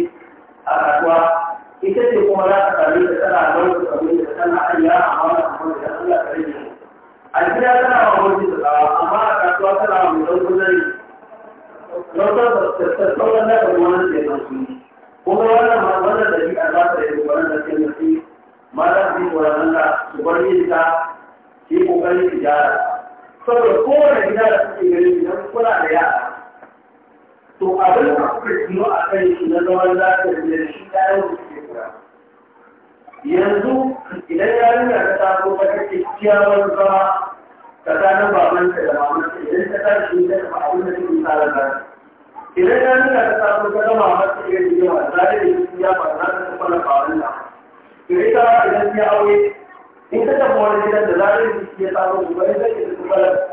a kasuwa ita ce kuma za ta sami da tana rawar da abin da tana a amma da kuma da Allah a rage a gida tana wa wurin da tsawa amma a kasuwa tana wa mai ɗaukar zari ɗaukar da sauran da kuma wannan da ya zan kuɗi kuma wannan wannan da shi a za ta yi wannan da ke nufi ma za su yi wa Allah su bar yin ta ki yi ƙoƙarin tijara saboda kowane gida da suke gani idan kula da yara to abin da kuka tuno a kan shi na zaman lafiyar da shi ɗayan da suke kura yanzu idan yarinya ta taso ta kake ciyawar zama tsakanin babanta da mamanta idan ta tashi ta tafi abin da suke tsara zara idan yarinya ta taso ta gama mata iya jiyawa zare da shi ya za ta tafi na babanta idan ta idan ya aure in ka tafi wani gidan da zarar ya samu kuma ya zai da kuma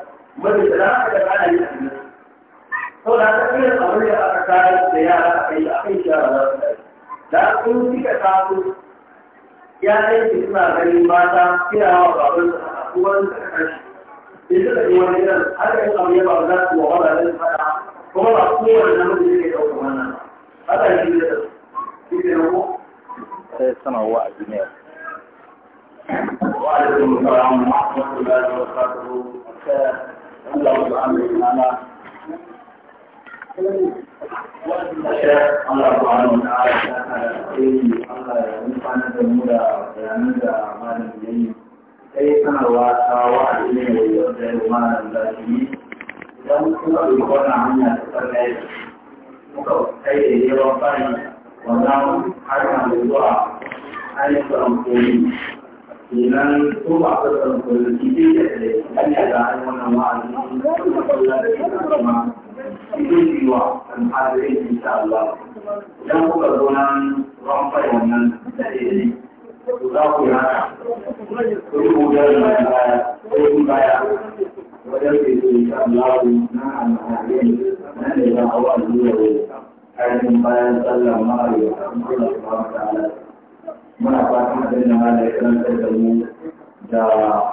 mafi da na da ana yi a cikin sau da ta iya abin da aka kare da yara a kai a kai shara za su kai da sun suka taso ya aiki suna ganin mata kirawa baban su a kuwan da kashi in suka tafi wani gidan har yanzu abu ya ba za su wa wala da fada kuma ba kowane namiji ne ya ɗauka wannan ba. Haka shi ne da su. Shi ne na ko? Sai eh, sanarwa a duniya. وعليكم السلام ورحمة الله وبركاته الله سبحانه وتعالى Allah subhanahu wa ta'ala ya kara tsayi Allah ya nufana da mu da bayanan da malam ya yi sai sanarwa ta wa'adi ne da yau da yau malam da shi idan kuma bai kwana hanya ta tsarnaye muka kai da yawan fari wannan har na zuwa ainihin koyi kenan ko ba ka san ko da kike da kan da ai wannan wa'azi Allah kuma jiwa an hadare insha Allah dan kuka zo nan ran fa wannan sai ku za ku yi haka ku yi gudanar da baya sai ku baya wajen da ke insha Allah na al-hadare nan da za a wa'azi da bayan sallar ma'ariya Allah muna fatan abin da mala ya karanta da mu da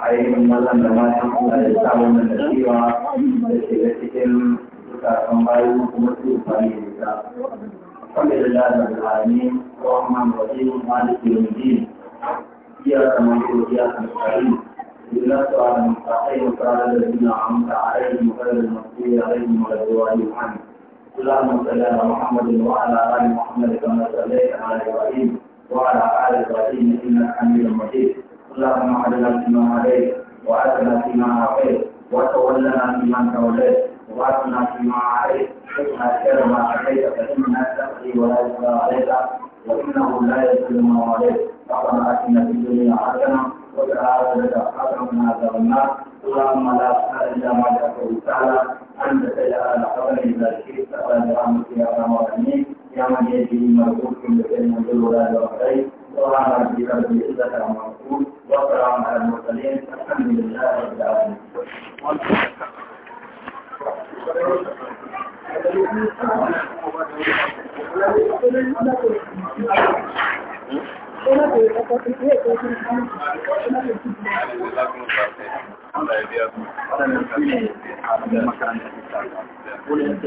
ainihin mazan da matan Allah da sa wannan da cewa da shiga cikin zukatan bayu kuma su fari da ta Alhamdulillah da al'ani, Rahman Rahim, Malik Yomidin, iya kamar ko iya kamar إلا سؤال مستقيم قال الذين أنعمت عليهم غير da عليهم ولا الضالين اللهم صل على محمد وعلى آل محمد كما صليت على إبراهيم وعلى آل إبراهيم إنك حميد مجيد اللهم علمنا فيما عليك وآتنا فيما أعطيت وتولنا فيما توليت وباركنا فيما عليك حكم خير ما عليك فإننا تقضي ولا يقضى عليك وإنه لا يقضي ما عليك ربنا آتنا في الدنيا حسنة وفي الآخرة حسنة من عذاب النار اللهم لا تسأل إلا ما جاءك سهلا أنت تجعل الحسن إذا شئت ولا برحمتك يا أرحم الراحمين كما يجي مربوط بكلمة الولاد والخير وعلى ربك بالعزة المنصور والسلام على المرسلين الحمد لله رب العالمين. Thank